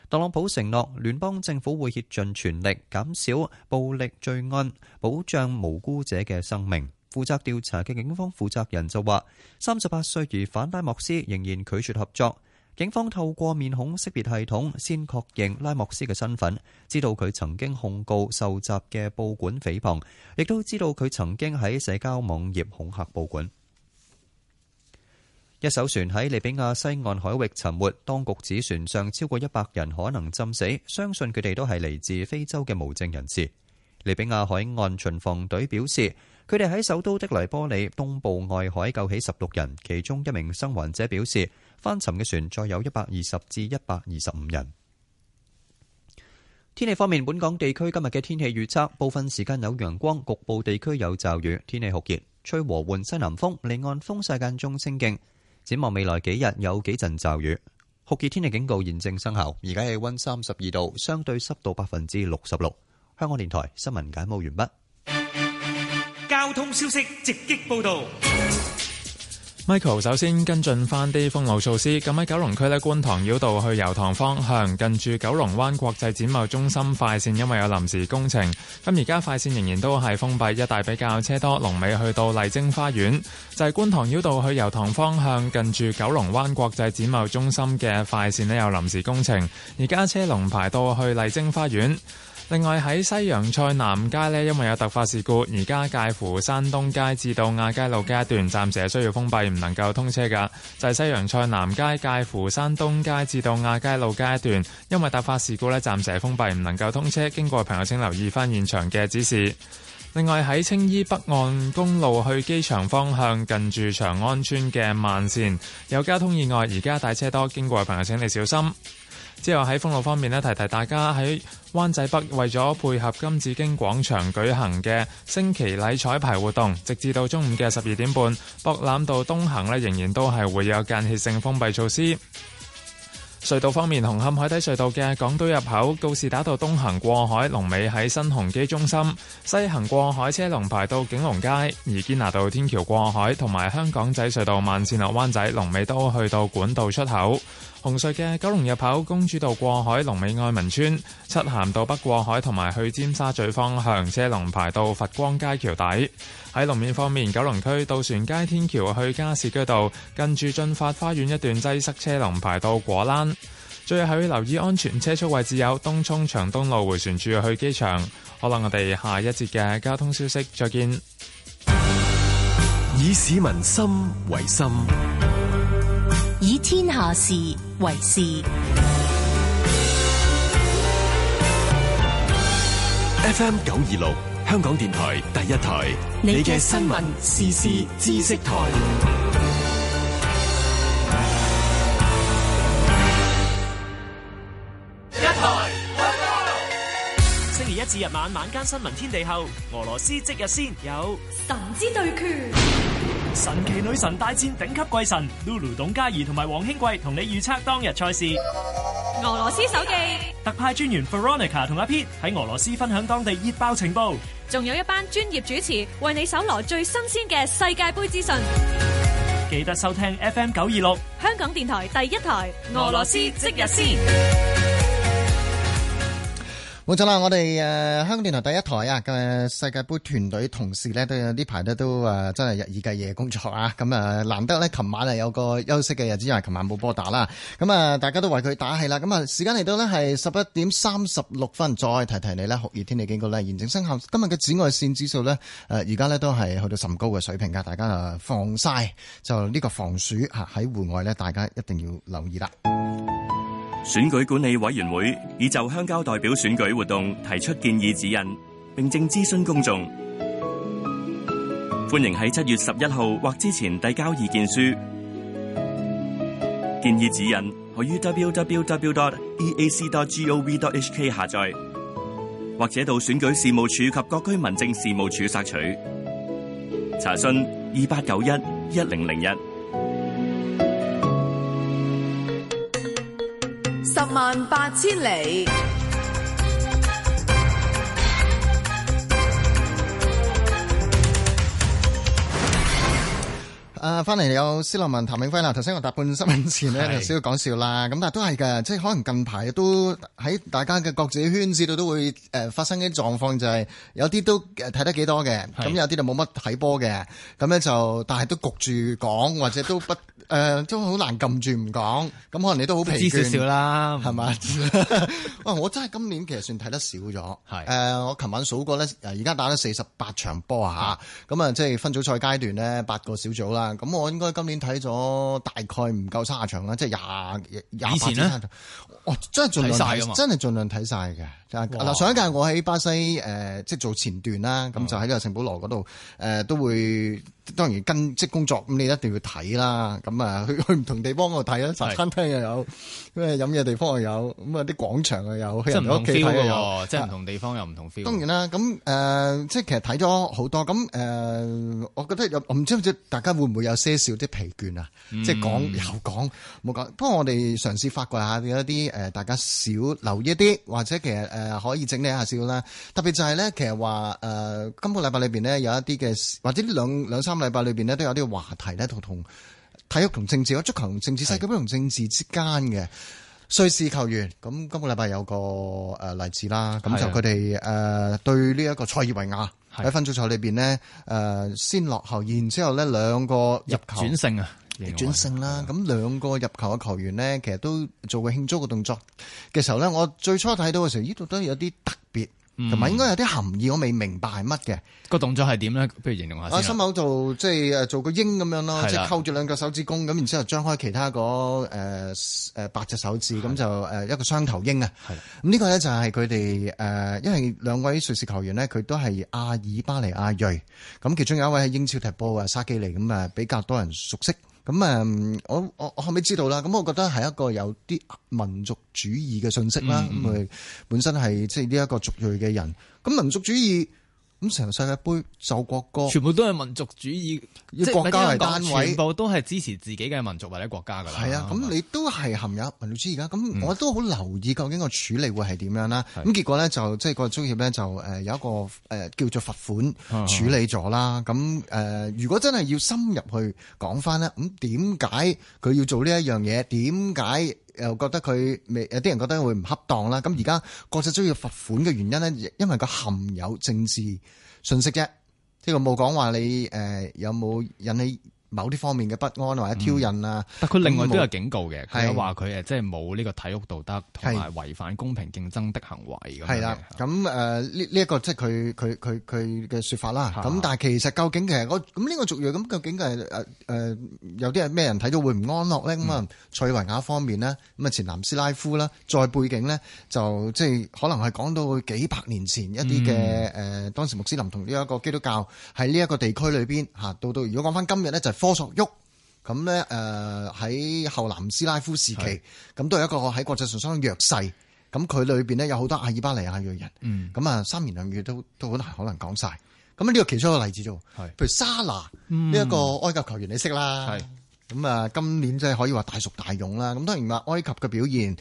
特朗普承諾聯邦政府會竭盡全力減少暴力罪案，保障無辜者嘅生命。負責調查嘅警方負責人就話：三十八歲疑犯戴莫斯仍然拒絕合作。警方透過面孔識別系統先確認拉莫斯嘅身份，知道佢曾經控告受襲嘅報館誹謗，亦都知道佢曾經喺社交網頁恐嚇報館。一艘船喺利比亞西岸海域沉沒，當局指船上超過一百人可能浸死，相信佢哋都係嚟自非洲嘅無證人士。利比亞海岸巡防隊表示，佢哋喺首都的黎波里東部外海救起十六人，其中一名生還者表示。翻沉嘅船載有一百二十至一百二十五人。天氣方面，本港地區今日嘅天氣預測，部分時間有陽光，局部地區有驟雨，天氣酷熱，吹和緩西南風，離岸風勢間中清勁。展望未來幾日有幾陣驟雨，酷熱天氣警告現正生效。而家氣溫三十二度，相對濕度百分之六十六。香港電台新聞簡報完畢。交通消息直擊報道。Michael 首先跟進翻啲封路措施。咁喺九龍區呢，觀塘繞道去油塘方向，近住九龍灣國際展貿中心快線，因為有臨時工程，咁而家快線仍然都係封閉，一帶比較車多，龍尾去到麗晶花園，就係、是、觀塘繞道去油塘方向，近住九龍灣國際展貿中心嘅快線呢，有臨時工程，而家車龍排到去麗晶花園。另外喺西洋菜南街呢，因為有突發事故，而家介乎山東街至到亞皆老街一段暫時係需要封閉，唔能夠通車噶。就係、是、西洋菜南街介乎山東街至到亞皆老街一段，因為突發事故呢，暫時係封閉，唔能夠通車。經過嘅朋友請留意翻現場嘅指示。另外喺青衣北岸公路去機場方向，近住長安村嘅慢線有交通意外，而家帶車多，經過嘅朋友請你小心。之後喺封路方面呢，提提大家喺灣仔北，為咗配合金紫荊廣場舉行嘅升旗禮彩排活動，直至到中午嘅十二點半，博覽道東行呢仍然都係會有間歇性封閉措施。隧道方面，紅磡海底隧道嘅港島入口告士打道東行過海，龍尾喺新鴻基中心；西行過海車龍排到景隆街，而堅拿道天橋過海，同埋香港仔隧道慢線落灣仔，龍尾都去到管道出口。紅隧嘅九龍入口公主道過海，龍尾愛民村、漆咸道北過海同埋去尖沙咀方向車龍排到佛光街橋底。喺路面方面，九龍區渡船街天橋去加士居道近住駿發花園一段擠塞，車龍排到果欄。最後要留意安全車速位置有東涌長東路回旋處去機場。好啦，我哋下一節嘅交通消息再見。以市民心為心。天下事為事，FM 九二六，香港電台第一台，你嘅新聞時事知識台。一至日晚晚間新聞天地後，俄羅斯即日先有神之對決，神奇女神大戰頂級貴神。Lulu、董嘉怡同埋黃興貴同你預測當日賽事。俄羅斯手機特派專員 Veronica 同阿 P 喺俄羅斯分享當地熱爆情報，仲有一班專業主持為你搜羅最新鮮嘅世界盃資訊。記得收聽 FM 九二六，香港電台第一台。俄羅斯即日先。冇錯啦，我哋誒香港電台第一台啊嘅世界杯團隊同事咧，都有呢排咧都誒真係日以繼夜工作啊，咁啊難得咧，琴晚係有個休息嘅日子，因為琴晚冇波打啦，咁啊大家都為佢打氣啦，咁啊時間嚟到呢係十一點三十六分，再提提你呢，酷熱天氣警告咧，現正生效，今日嘅紫外線指數呢，誒而家呢都係去到甚高嘅水平噶，大家啊防曬就呢個防暑吓，喺戶外呢，大家一定要留意啦。選舉管理委員會已就鄉郊代表選舉活動提出建議指引，並正諮詢公眾。歡迎喺七月十一號或之前遞交意見書。建議指引可於 www.eac.gov.hk 下載，或者到選舉事務處及各區民政事務處索取。查詢二八九一一零零一。十萬八千里。誒、啊，翻嚟有斯諾文、譚永輝啦。頭先我答半新聞前呢就少少講笑啦。咁是但係都係嘅，即係可能近排都喺大家嘅各自圈子度都會誒發生啲狀況就，就係是有啲都睇得幾多嘅，咁有啲就冇乜睇波嘅。咁咧就，但係都焗住講，或者都不。 誒都好難撳住唔講，咁可能你都好平少少啦，係嘛？吧 我真係今年其實算睇得少咗，係是、呃、我琴晚數過咧，而家打咗四十八場波嚇，咁啊即係分組賽階段咧，八個小組啦。咁我應該今年睇咗大概唔夠卅場啦，即係廿廿八支卅場。我真係盡量真係儘量睇晒嘅。嗱哇上一屆我喺巴西誒，即、呃、係、就是、做前段啦，咁就喺個聖保羅嗰度誒都會。當然跟即工作咁，你一定要睇啦。咁啊，去去唔同地方度睇啦，茶餐廳又有，咩飲嘢地方又有。咁啊，啲廣場又有，家家有即係唔同 feel，即唔同地方又唔同 feel。當然啦，咁、呃、誒，即係其實睇咗好多。咁、呃、誒，我覺得唔知唔知大家會唔會有些少啲疲倦啊？嗯、即係講又講冇講不過我哋嘗試發掘一下有一啲大家少留意啲，或者其實可以整理一下笑啦。特別就係、是、咧，其實話誒、呃，今個禮拜裏面咧有一啲嘅，或者兩兩三。今個禮拜裏邊咧都有啲話題咧，同同體育同政治，足球同政治，世界杯同政治之間嘅的瑞士球員，咁今個禮拜有個誒例子啦，咁就佢哋誒對呢一個塞爾維亞喺分組賽裏邊呢誒先落後，然之後呢兩個入球，轉勝啊，轉勝啦，咁兩的個入球嘅球員呢，其實都做過慶祝嘅動作嘅時候呢，我最初睇到嘅時候，呢度都有啲特別。同埋應該有啲含義，我未明白係乜嘅個動作係點咧？不如形容下先。我心口度即係誒，做個鷹咁樣咯，的即係扣住兩個手指公咁，然之後張開其他嗰誒誒八隻手指，咁的就誒一個雙頭鷹啊。咁呢的、嗯這個咧就係佢哋誒，因為兩位瑞士球員咧，佢都係阿爾巴尼亞裔，咁其中有一位係英超踢波啊，沙基利，咁啊比較多人熟悉。咁誒、嗯，我我我後尾知道啦。咁我覺得係一個有啲民族主義嘅信息啦。咁佢、嗯嗯、本身係即係呢一個族裔嘅人，咁民族主義。咁成個世界杯，奏國歌，全部都係民族主義，即是國家係單位，全部都係支持自己嘅民族或者國家噶啦。係啊，咁你都係含有民族主義㗎，咁我都好留意究竟個處理會係點樣啦。咁、嗯、結果咧就即係、就是、個中協咧就誒有一個誒、呃、叫做罰款處理咗啦。咁誒的、呃、如果真係要深入去講翻咧，咁點解佢要做呢一樣嘢？點解？又覺得佢未有啲人覺得會唔恰當啦，咁而家國際都要罰款嘅原因咧，因為佢含有政治信息啫，即係佢冇講話你誒有冇引起。某啲方面嘅不安或者挑釁啊，但佢另外都有警告嘅，佢又話佢誒即係冇呢個體育道德同埋違反公平競爭的行為咁。係啦，咁誒呢呢一個即係佢佢佢佢嘅說法啦。咁但係其實究竟其實咁呢個族裔咁究竟係誒誒有啲係咩人睇到會唔安樂咧？咁啊，塞維亞方面呢，咁啊前南斯拉夫啦，再背景呢，就即係可能係講到幾百年前一啲嘅誒，當時穆斯林同呢一個基督教喺呢一個地區裏邊到到如果講翻今日呢，就。科索沃咁咧，誒、呃、喺後南斯拉夫時期，咁都係一個喺國際上相當弱勢。咁佢裏面咧有好多阿爾巴尼亞裔人，咁啊、嗯、三言兩語都都好難可能講晒。咁呢個其中一個例子啫，是譬如沙拿呢一個埃及球員你，你識啦。咁啊今年就可以話大熟大勇啦。咁當然啦，埃及嘅表現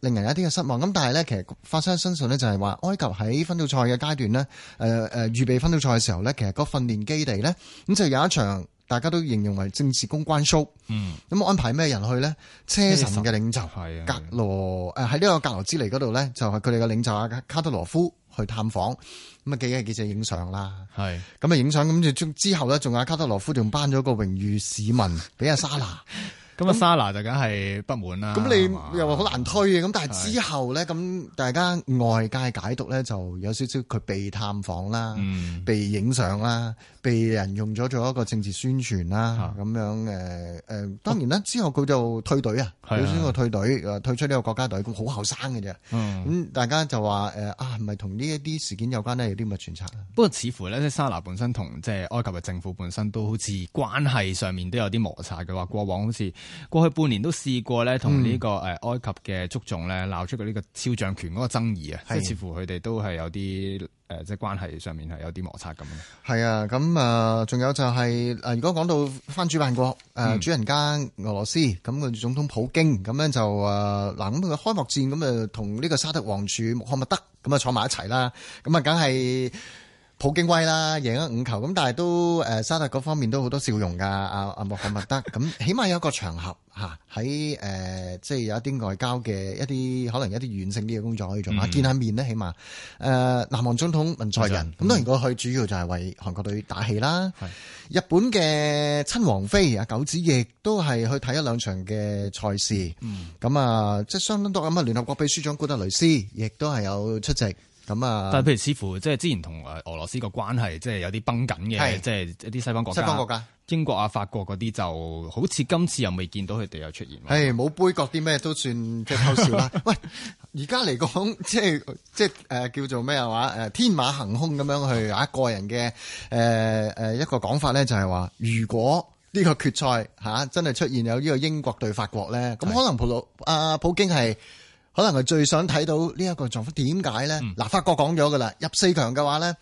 令人有一啲嘅失望。咁但係咧，其實發生身上咧就係話埃及喺分組賽嘅階段咧，誒、呃、誒預備分組賽嘅時候咧，其實個訓練基地咧，咁就有一場。大家都形容為政治公關 show，咁、嗯、安排咩人去咧？車臣嘅領袖格羅，誒喺呢個格羅茲尼嗰度咧，就係佢哋嘅領袖阿卡德羅夫去探訪，咁啊幾啊記者影相啦，咁啊影相，咁就之後咧，仲，阿卡德羅夫仲頒咗個榮譽市民俾阿莎娜。咁阿莎拿就梗係不滿啦。咁你又話好難推嘅，咁吧但係之後咧，咁大家外界解讀咧就有少少佢被探訪啦，嗯、被影相啦，被人用咗做一個政治宣傳啦，咁、啊、樣誒誒、呃。當然啦，之後佢就退隊啊，表示佢退隊，的退出呢個國家隊。咁好後生嘅啫。咁、嗯、大家就話誒啊，係咪同呢一啲事件有關呢？有啲咁嘅傳聞。不過似乎咧，即莎拿本身同即係埃及嘅政府本身都好似關係上面都有啲摩擦嘅話，過往好似。過去半年都試過咧，同呢個誒埃及嘅足總咧鬧出佢呢個肖像權嗰個爭議啊，即係、嗯、似乎佢哋都係有啲誒，即係關係上面係有啲摩擦咁。係啊，咁啊，仲有就係、是、誒，如果講到返主辦國誒、嗯、主人家俄羅斯咁佢總統普京咁樣就誒嗱，咁佢開幕戰咁誒同呢個沙特王儲穆罕默德咁啊坐埋一齊啦，咁啊梗係。普京威啦，贏咗五球，咁但係都誒沙特嗰方面都好多笑容㗎。阿阿莫罕默德咁，起碼有一個場合嚇，喺誒即係有一啲外交嘅一啲可能有一啲軟性啲嘅工作可以做嘛，嗯、見下面咧，起碼誒、呃、南韓總統文在寅，咁當然過去主要就係為韓國隊打氣啦。係是日本嘅親王妃啊，九子亦都係去睇一兩場嘅賽事。嗯，咁啊即係相當多咁啊聯合國秘書長古特雷斯亦都係有出席。咁啊！但係譬如似乎即係之前同俄羅斯個關係，是即係有啲崩緊嘅，即係一啲西方國家、英國啊、法國嗰啲，就好似今次又未見到佢哋又出現。係冇杯葛啲咩都算即係偷笑啦。喂， 而家嚟講即係即係、呃、叫做咩話誒天馬行空咁樣去啊個人嘅誒、呃呃、一個講法咧，就係話如果呢個決賽、啊、真係出現有呢個英國對法國咧，咁可能普魯啊普京係。可能係最想睇到狀況呢一個狀況點解咧？嗱、嗯，法國講咗噶啦，入四強嘅話咧，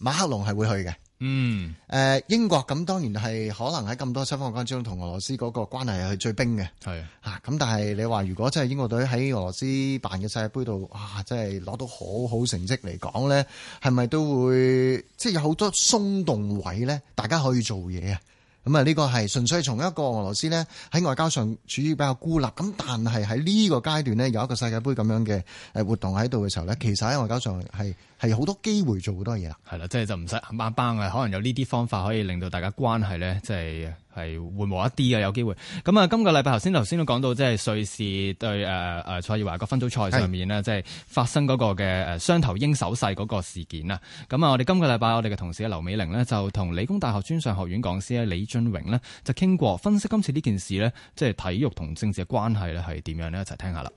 馬克龍係會去嘅。嗯，誒，英國咁當然係可能喺咁多西方國家中，同俄羅斯嗰個關係係最冰嘅。係的啊，咁但係你話如果真係英國隊喺俄羅斯辦嘅世界杯度，哇，真係攞到好好成績嚟講咧，係咪都會即係有好多鬆動位咧？大家可以做嘢啊！咁啊，呢個係純粹從一個俄羅斯咧喺外交上處於比較孤立，咁但係喺呢個階段咧有一個世界杯咁樣嘅誒活動喺度嘅時候咧，其實喺外交上係。係好多機會做好多嘢啦，係啦，即係就唔使硬邦邦嘅，可能有呢啲方法可以令到大家關係咧，即係係緩和一啲嘅有機會。咁啊，今個禮拜頭先頭先都講到，即係瑞士對誒誒塞爾維亞個分組賽上面呢，的即係發生嗰個嘅雙頭鷹手勢嗰個事件啊。咁啊，我哋今個禮拜我哋嘅同事劉美玲呢，就同理工大學專上學院講師李俊榮呢，就傾過分析今次呢件事呢，即係體育同政治嘅關係咧係點樣呢？一齊聽一下啦。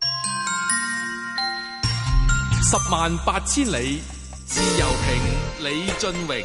十萬八千里，自由平，李俊榮。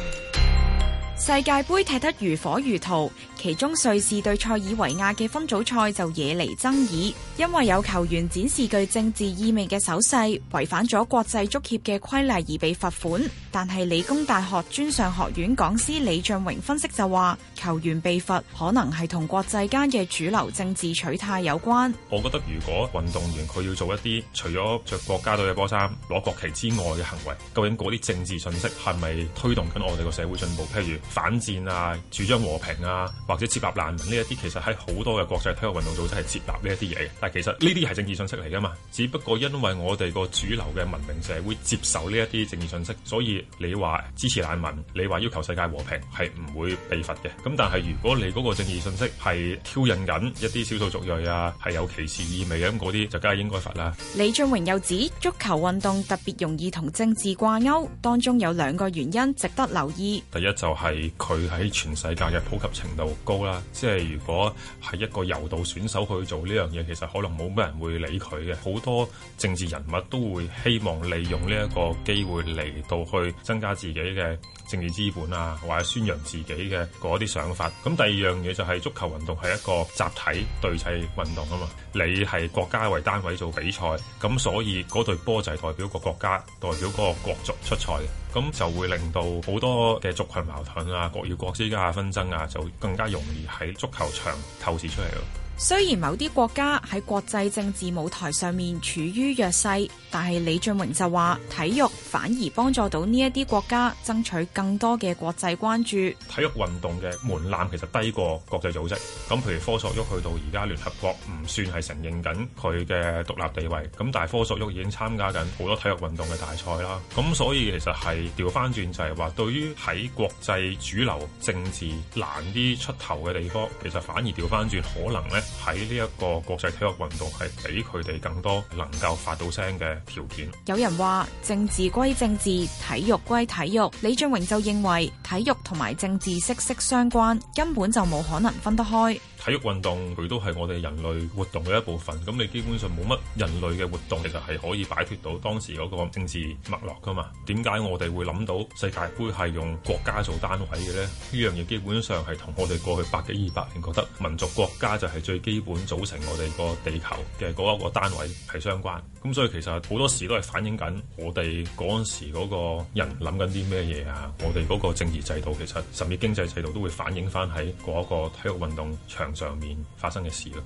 世界杯踢得如火如荼。其中瑞士對塞爾維亞嘅分組賽就惹嚟爭議，因為有球員展示具政治意味嘅手勢，違反咗國際足協嘅規例而被罰款。但係理工大學專上學院講師李俊榮分析就話，球員被罰可能係同國際間嘅主流政治取態有關。我覺得如果運動員佢要做一啲除咗着國家隊嘅波衫、攞國旗之外嘅行為，究竟嗰啲政治信息係咪推動緊我哋個社會進步？譬如反戰啊、主張和平啊。或者接納難民呢一啲，其實喺好多嘅國際體育運動組織係接納呢一啲嘢。但係其實呢啲係政治信息嚟噶嘛？只不過因為我哋個主流嘅文明社會接受呢一啲政治信息，所以你話支持難民，你話要求世界和平係唔會被罰嘅。咁但係如果你嗰個政治信息係挑釁緊一啲少數族裔啊，係有歧視意味嘅，咁嗰啲就梗係應該罰啦。李俊榮又指足球運動特別容易同政治掛鈎，當中有兩個原因值得留意。第一就係佢喺全世界嘅普及程度。高啦，即係如果係一個柔道選手去做呢樣嘢，其實可能冇咩人會理佢嘅。好多政治人物都會希望利用呢一個機會嚟到去增加自己嘅。政治資本啊，或者宣揚自己嘅嗰啲想法。咁第二樣嘢就係足球運動係一個集體對砌運動啊嘛，你係國家為單位做比賽，咁所以嗰隊波就係代表個國家，代表嗰個國族出賽。咁就會令到好多嘅族群矛盾啊、國與國之間嘅紛爭啊，就更加容易喺足球場透視出嚟咯。雖然某啲國家喺國際政治舞台上面處於弱勢，但係李俊榮就話：體育反而幫助到呢一啲國家爭取更多嘅國際關注。體育運動嘅門檻其實低過國際組織，咁譬如科索沃去到而家聯合國唔算係承認緊佢嘅獨立地位，咁但係科索沃已經參加緊好多體育運動嘅大賽啦。咁所以其實係掉返轉就係話，對於喺國際主流政治難啲出頭嘅地方，其實反而掉返轉可能咧。喺呢一個國際體育運動係俾佢哋更多能夠發到聲嘅條件。有人話，政治歸政治，體育歸體育。李俊榮就認為，體育同埋政治息息相關，根本就冇可能分得開。體育運動佢都係我哋人類活動嘅一部分，咁你基本上冇乜人類嘅活動其實係可以擺脫到當時嗰個政治脈絡噶嘛？點解我哋會諗到世界盃係用國家做單位嘅呢？呢樣嘢基本上係同我哋過去百幾二百年覺得民族國家就係最基本組成我哋個地球嘅嗰一個單位係相關。咁所以其實好多時都係反映緊我哋嗰時嗰個人諗緊啲咩嘢啊？我哋嗰個政治制度其實甚至經濟制度都會反映翻喺嗰個體育運動場。上面發生嘅事咯。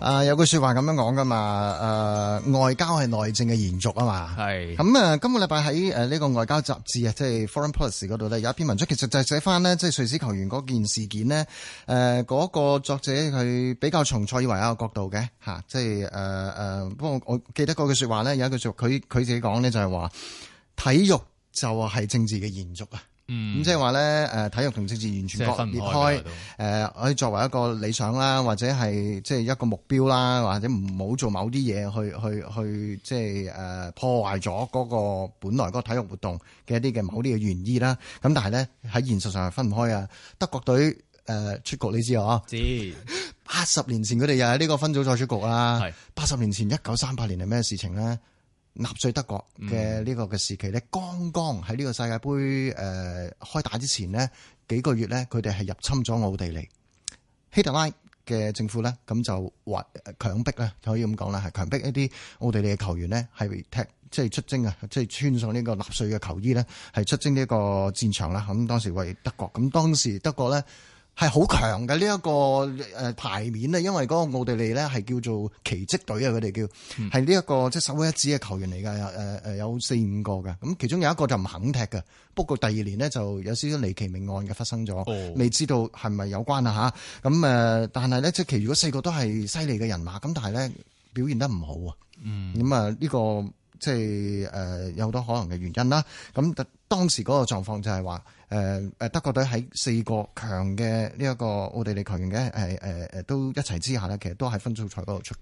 啊、呃，有句話這說話咁樣講噶嘛？誒、呃，外交係內政嘅延續啊嘛。係咁啊，今個禮拜喺誒呢個外交雜誌啊，即係 Foreign Policy 嗰度咧，有一篇文章，其實就寫翻呢，即係瑞士球員嗰件事件呢。誒、呃，嗰、那個作者佢比較從塞爾維亞嘅角度嘅吓、啊，即係誒誒，我、呃呃、我記得嗰句說話呢，有一句說佢佢自己講呢，就係話，體育就係政治嘅延續啊。嗯，咁即係話咧，誒，體育同政治完全割裂開，誒、呃，可以作為一個理想啦，或者係即係一個目標啦，或者唔好做某啲嘢去去去，即係誒、呃、破壞咗嗰個本來嗰個體育活動嘅一啲嘅某啲嘅原意啦。咁、嗯、但係咧喺現實上係分唔開啊。德國隊誒、呃、出局，你知啊？知八道十年前佢哋又喺呢個分組賽出局啦。係八十年前一九三八年係咩事情咧？納粹德國嘅呢個嘅時期咧，剛剛喺呢個世界杯誒、呃、開打之前呢幾個月咧，佢哋係入侵咗奧地利。希特拉嘅政府咧，咁就強迫，咧，可以咁講啦，係強迫一啲奧地利嘅球員呢，係踢即係、就是、出征啊，即、就、係、是、穿上呢個納粹嘅球衣咧，係出征呢個戰場啦。咁當時為德國，咁當時德國咧。係好強嘅呢一個排牌面啊，因為嗰個奧地利咧係叫做奇蹟隊啊，佢哋叫係呢一個即係首屈一指嘅球員嚟㗎，有四五個嘅，咁其中有一個就唔肯踢嘅。不過第二年呢就有少少離奇命案嘅發生咗，未知道係咪有關啊吓，咁、哦、但係咧即係其餘嗰四個都係犀利嘅人馬，咁但係咧表現得唔好啊。嗯、就是，咁啊呢個即係有好多可能嘅原因啦。咁當時嗰個狀況就係話。誒誒德國隊喺四個強嘅呢一個奧地利球員嘅，誒誒誒都一齊之下呢，其實都喺分組賽嗰度出局。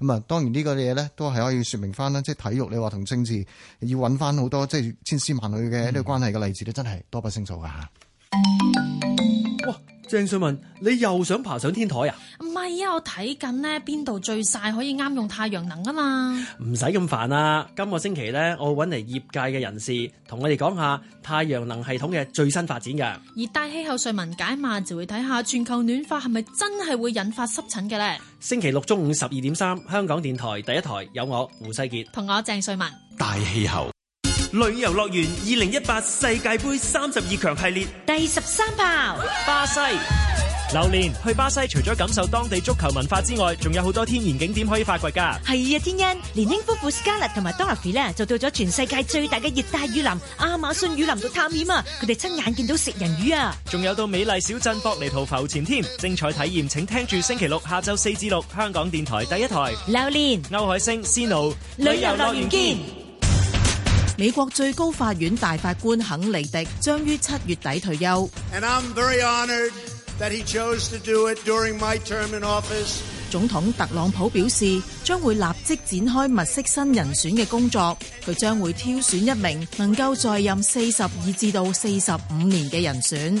咁啊，當然個呢個嘢咧都係可以説明翻啦，即係體育你話同政治要揾翻好多即係千絲萬縷嘅呢個關係嘅例子咧，嗯、真係多不勝數㗎吓。嗯哇，鄭瑞文，你又想爬上天台啊？唔係啊，我睇緊呢邊度最曬可以啱用太陽能啊嘛。唔使咁煩啦，今個星期呢，我會搵嚟業界嘅人士同我哋講下太陽能系統嘅最新發展㗎。而大氣候，瑞文解碼就會睇下全球暖化係咪真係會引發濕疹嘅呢？星期六中午十二點三，3，香港電台第一台有我胡世杰同我鄭瑞文大氣候。旅遊樂園二零一八世界杯三十二強系列第十三炮，巴西。榴槤去巴西，除咗感受當地足球文化之外，仲有好多天然景點可以發掘噶。係啊，天恩，連英夫婦 Scarlett 同埋 Dorothy 咧，就到咗全世界最大嘅熱帶雨林亞馬遜雨林度探險啊！佢哋親眼見到食人魚啊！仲有到美麗小鎮博尼圖浮潛添，精彩體驗，請聽住星期六下晝四至六，香港電台第一台。榴槤，歐海星，Cino，旅遊樂園見。美國最高法院大法官肯尼迪將於七月底退休。總統特朗普表示，將會立即展開物色新人選嘅工作，佢將會挑選一名能夠在任四十二至到四十五年嘅人選。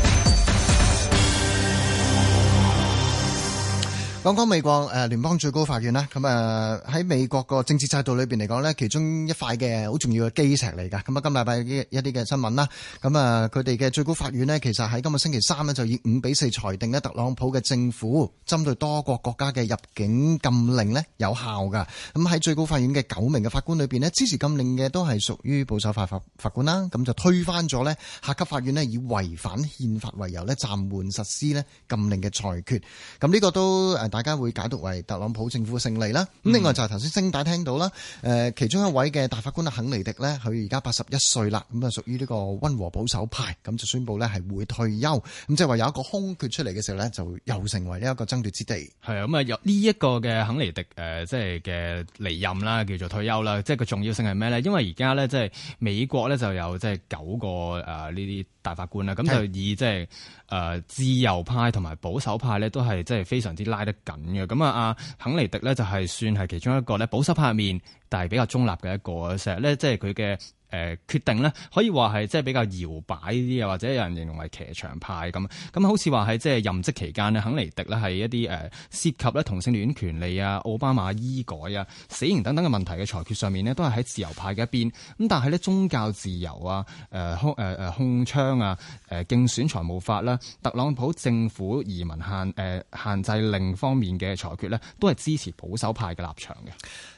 講講美國誒聯邦最高法院啦，咁啊喺美國個政治制度裏邊嚟講呢，其中一塊嘅好重要嘅基石嚟噶。咁啊，今禮拜一啲嘅新聞啦，咁啊，佢哋嘅最高法院呢，其實喺今日星期三呢，就以五比四裁定呢特朗普嘅政府針對多國國家嘅入境禁令呢有效噶。咁喺最高法院嘅九名嘅法官裏邊呢，支持禁令嘅都係屬於保守法法法官啦，咁就推翻咗呢下級法院呢，以違反憲法為由呢暫緩實施呢禁令嘅裁決。咁、這、呢個都誒。大家會解讀為特朗普政府嘅勝利啦。咁另外就係頭先聲帶聽到啦，誒其中一位嘅大法官啊肯尼迪咧，佢而家八十一歲啦，咁啊屬於呢個溫和保守派，咁就宣佈咧係會退休。咁即係話有一個空缺出嚟嘅時候咧，就會又成為呢一個爭奪之地、嗯。係、嗯、啊，咁啊有呢一個嘅肯尼迪誒、呃，即係嘅離任啦，叫做退休啦。即係個重要性係咩咧？因為而家咧即係美國咧就有即係九個啊呢啲。呃大法官啦，咁就以即係誒自由派同埋保守派咧，都係即係非常之拉得緊嘅。咁啊，阿肯尼迪咧就係算係其中一個咧保守派入面，但係比較中立嘅一個，成日咧即係佢嘅。誒、呃、決定呢可以話係即係比較搖擺啲，又或者有人形容為騎牆派咁。咁、呃、好似話係即係任職期間呢，肯尼迪呢係一啲誒涉及咧同性戀權利啊、奧巴馬醫改啊、死刑等等嘅問題嘅裁決上面呢，都係喺自由派嘅一邊。咁但係呢，宗教自由啊、誒誒控槍啊、誒、呃、競選財務法啦、啊、特朗普政府移民限限，限制令方面嘅裁決呢都係支持保守派嘅立場嘅。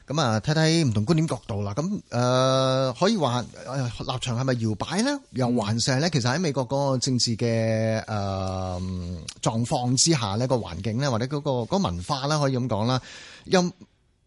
咁啊，睇睇唔同觀點角度啦。咁、呃、誒可以話立場係咪搖擺咧？又、嗯、還是咧？其實喺美國嗰個政治嘅誒狀況之下呢，個環境咧，或者嗰個嗰文化啦，可以咁講啦。又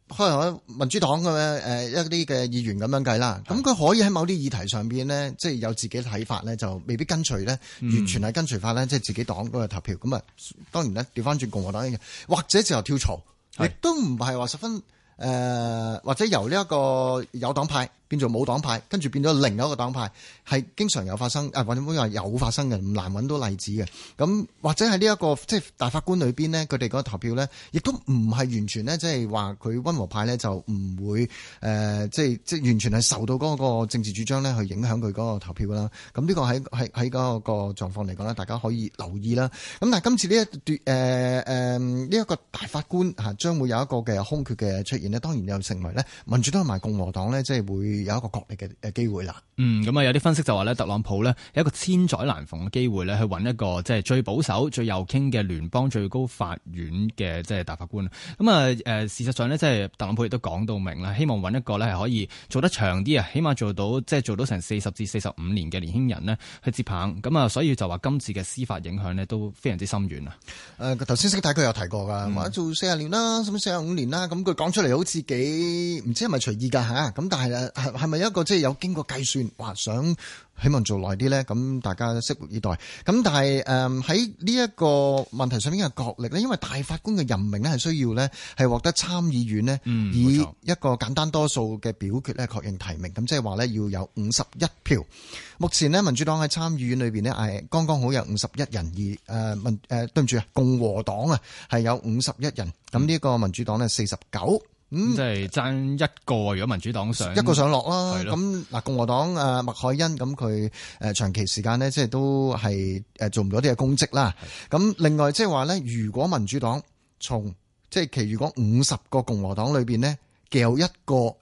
可能民主黨嘅誒一啲嘅議員咁樣計啦，咁佢是 可以喺某啲議題上邊咧，即係有自己睇法咧，就未必跟隨咧，完全係跟隨法咧，即係、嗯、自己黨嗰個投票咁啊。當然咧，調翻轉共和黨嘅，或者就跳槽，亦都唔係話十分。誒、呃、或者由呢一個有黨派。變做冇黨派，跟住變咗另一個黨派係經常有發生，啊或者黨有發生嘅，唔難揾到例子嘅。咁或者喺呢一個即係大法官裏邊呢，佢哋個投票呢，亦都唔係完全呢，即係話佢溫和派呢、呃，就唔會即係即係完全係受到嗰個政治主張呢去影響佢嗰個投票啦。咁呢個喺喺喺嗰個個狀況嚟講呢，大家可以留意啦。咁但係今次呢一奪誒呢一個大法官嚇將會有一個嘅空缺嘅出現呢，當然又成為呢民主黨同埋共和黨呢，即係會。有一個角力嘅誒機會啦。嗯，咁啊有啲分析就話咧，特朗普咧有一個千載難逢嘅機會咧，去揾一個即係最保守、最右傾嘅聯邦最高法院嘅即係大法官。咁啊誒，事實上咧即係特朗普亦都講到明啦，希望揾一個咧係可以做得長啲啊，起碼做到即係做到成四十至四十五年嘅年輕人呢去接棒。咁啊，所以就話今次嘅司法影響呢都非常之深遠啊。誒、呃，頭先識睇佢有提過噶，話、嗯、做四十年啦，甚至四十五年啦。咁佢講出嚟好似幾唔知係咪隨意噶吓？咁但係啊。係咪一個即係有經過計算，話想希望做耐啲咧？咁大家拭目以待。咁但係誒喺呢一個問題上面嘅角力咧，因為大法官嘅任命咧係需要咧係獲得參議院咧以一個簡單多數嘅表決咧確認提名。咁即係話咧要有五十一票。目前咧民主黨喺參議院裏邊咧係剛剛好有五十一人，而誒民誒對唔住啊，共和黨啊係有五十一人。咁呢個民主黨咧四十九。嗯，即係爭一個，如果民主黨上一個上落啦。咁嗱的，共和黨誒，麥凱恩咁佢誒，長期時間咧，即係都係誒做唔到啲嘅公職啦。咁另外即係話咧，如果民主黨從即係其餘五十個共和黨裏邊咧，有一個。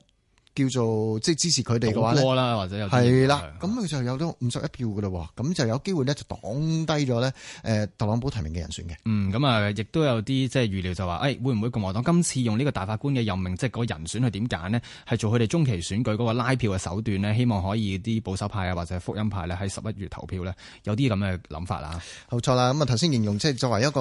叫做即係支持佢哋嘅話咧，或者係啦，咁佢的的就有咗五十一票嘅喎，咁的就有機會呢就擋低咗呢、呃、特朗普提名嘅人選嘅、嗯。嗯，咁、嗯、啊，亦都有啲即係預料就話，誒、哎、會唔會共和黨今次用呢個大法官嘅任命，即係個人選去點揀呢？係做佢哋中期選舉嗰個拉票嘅手段呢？希望可以啲保守派啊或者福音派呢喺十一月投票呢？有啲咁嘅諗法啦。冇錯啦，咁啊頭先形容即係作為一個誒、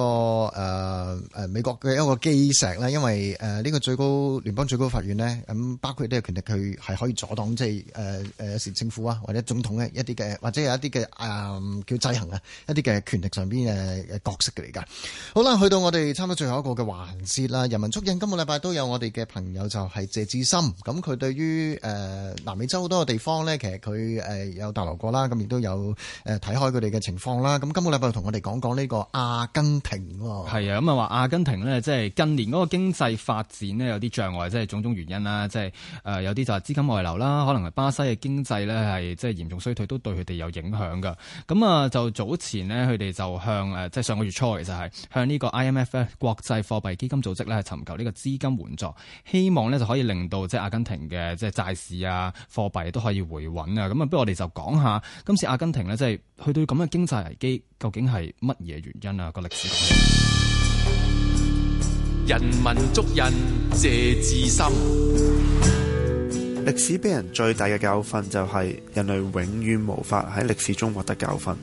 呃、美國嘅一個基石咧，因為呢個最高聯邦最高法院呢，咁包括呢個權力。佢係可以阻擋即係誒誒時政府啊，或者總統嘅一啲嘅，或者有一啲嘅誒叫制衡啊，一啲嘅權力上邊嘅角色嚟㗎。好啦，去到我哋差唔多最後一個嘅環節啦。人民足印今個禮拜都有我哋嘅朋友就係謝志深。咁佢對於誒、呃、南美洲好多嘅地方咧，其實佢誒有逗留過啦，咁亦都有誒睇開佢哋嘅情況啦。咁今個禮拜同我哋講講呢個阿根廷喎，係啊，咁啊話阿根廷咧，即係近年嗰個經濟發展呢，有啲障礙，即係種種原因啦，即係誒有。呃啲就係資金外流啦，可能巴西嘅經濟咧係即係嚴重衰退，都對佢哋有影響嘅。咁啊，就早前呢，佢哋就向誒即係上個月初其實係向呢個 IMF 咧，國際貨幣基金組織咧，尋求呢個資金援助，希望咧就可以令到即係阿根廷嘅即係債市啊貨幣都可以回穩啊。咁啊，不如我哋就講下今次阿根廷呢，即係去到咁嘅經濟危機，究竟係乜嘢原因啊個歷史？人民足印謝志深。歷史俾人最大嘅教訓就係、是、人類永遠無法喺歷史中獲得教訓。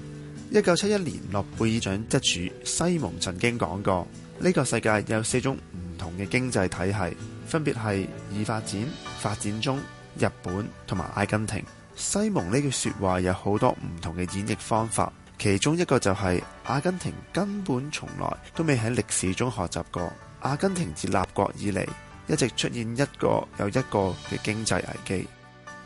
一九七一年諾貝爾獎得主西蒙曾經講過：呢、這個世界有四種唔同嘅經濟體系，分別係已發展、發展中、日本同埋阿根廷。西蒙呢句說話有好多唔同嘅演繹方法，其中一個就係、是、阿根廷根本從來都未喺歷史中學習過。阿根廷自立國以嚟，一直出現一個又一個嘅經濟危機。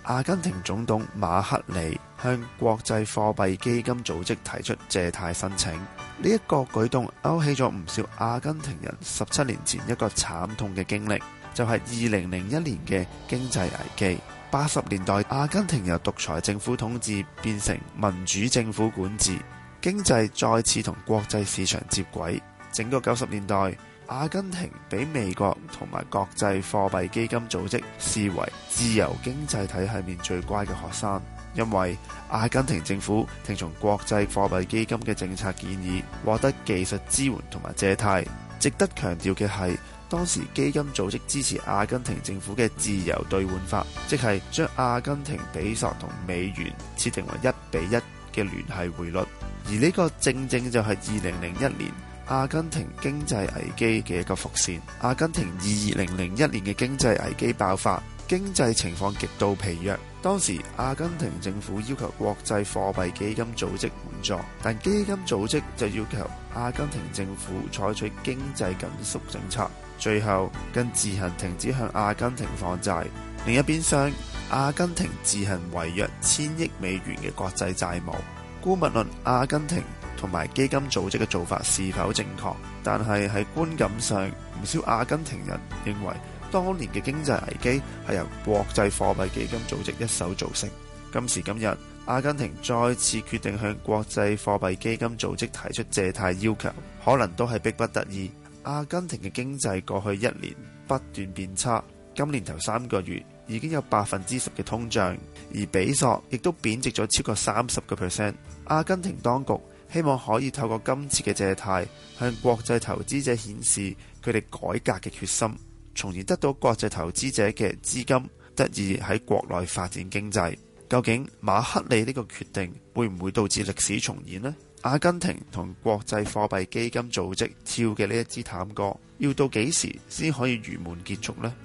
阿根廷總統馬克里向國際貨幣基金組織提出借貸申請，呢一個舉動勾起咗唔少阿根廷人十七年前一個慘痛嘅經歷，就係二零零一年嘅經濟危機。八十年代，阿根廷由獨裁政府統治變成民主政府管治，經濟再次同國際市場接軌。整個九十年代。阿根廷俾美國同埋國際貨幣基金組織視為自由經濟體系面最乖嘅學生，因為阿根廷政府聽從國際貨幣基金嘅政策建議，獲得技術支援同埋借貸。值得強調嘅係，當時基金組織支持阿根廷政府嘅自由兌換法，即係將阿根廷比索同美元設定為一比一嘅聯繫匯率。而呢個正正就係二零零一年。阿根廷經濟危機嘅一個伏線。阿根廷二零零一年嘅經濟危機爆發，經濟情況極度疲弱。當時阿根廷政府要求國際貨幣基金組織援助，但基金組織就要求阿根廷政府採取經濟緊縮政策，最後更自行停止向阿根廷放債。另一邊廂，阿根廷自行違約千億美元嘅國際債務。姑勿論阿根廷。同埋基金組織嘅做法是否正確？但係喺觀感上，唔少阿根廷人認為，當年嘅經濟危機係由國際貨幣基金組織一手造成。今時今日，阿根廷再次決定向國際貨幣基金組織提出借貸要求，可能都係迫不得已。阿根廷嘅經濟過去一年不斷變差，今年頭三個月已經有百分之十嘅通脹，而比索亦都貶值咗超過三十個 percent。阿根廷當局。希望可以透過今次嘅借貸，向國際投資者顯示佢哋改革嘅決心，從而得到國際投資者嘅資金，得以喺國內發展經濟。究竟馬克里呢個決定會唔會導致歷史重演呢？阿根廷同國際貨幣基金組織跳嘅呢一支探戈，要到幾時先可以圓滿結束呢？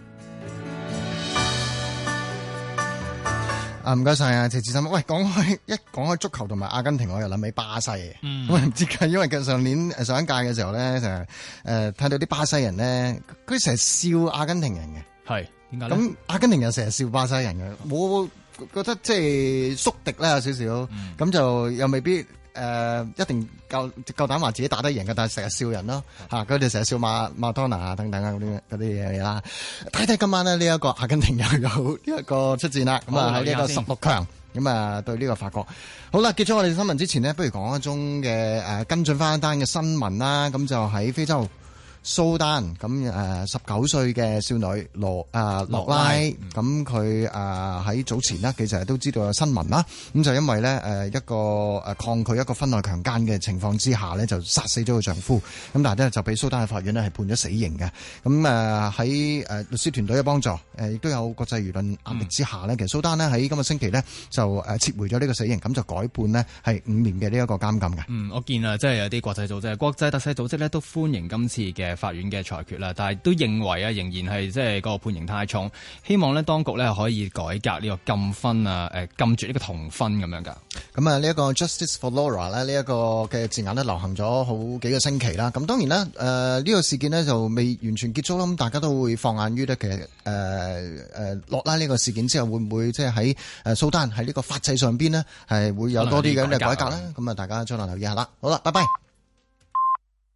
唔該晒啊，謝志森。喂，講開一講開足球同埋阿根廷，我又諗起巴西。嗯，我唔知因為嘅上年誒上一屆嘅時候咧，就係誒睇到啲巴西人咧，佢成日笑阿根廷人嘅，係點解呢？咁阿根廷人成日笑巴西人嘅，我覺得即係宿敵啦，有少少。咁、嗯、就又未必。誒、呃、一定夠，夠膽話自己打得贏嘅，但係成日笑人咯嚇，佢哋成日笑馬馬勒當拿啊等等啊嗰啲嗰啲嘢嚟啦。睇睇今晚咧呢一個阿根廷又有呢一個出戰啦，咁啊喺呢個十六強，咁啊、嗯、對呢個法國。好啦，結束我哋新聞之前呢，不如講一宗嘅、呃、跟進翻一單嘅新聞啦。咁就喺非洲。蘇丹咁誒，十九、呃、歲嘅少女羅誒羅拉咁，佢誒喺早前呢，其實都知道有新聞啦。咁就因為呢誒、呃、一個誒抗拒一個婚內強奸嘅情況之下殺呢，就殺死咗個丈夫。咁但係呢，就俾蘇丹嘅法院呢，係判咗死刑嘅。咁誒喺誒律師團隊嘅幫助，誒亦都有國際輿論壓力之下呢，嗯、其實蘇丹呢，喺今個星期呢，就誒撤回咗呢個死刑，咁就改判呢，係五年嘅呢一個監禁嘅。嗯，我見啊，即係有啲國際組織、國際特赦組織呢，都歡迎今次嘅。法院嘅裁決啦，但係都認為啊，仍然係即係個判刑太重，希望呢當局咧可以改革呢個禁婚啊、誒禁絕呢個同婚咁樣噶。咁啊呢一個 Justice for Laura 咧呢一個嘅字眼咧流行咗好幾個星期啦。咁當然啦，誒、呃、呢、呢個事件呢就未完全結束啦。咁大家都會放眼於咧其實誒誒洛拉呢個事件之後會唔會即係喺誒蘇丹喺呢個法制上邊呢，係會有多啲咁嘅改革咧？咁啊大家將來留意下啦。好啦，拜拜。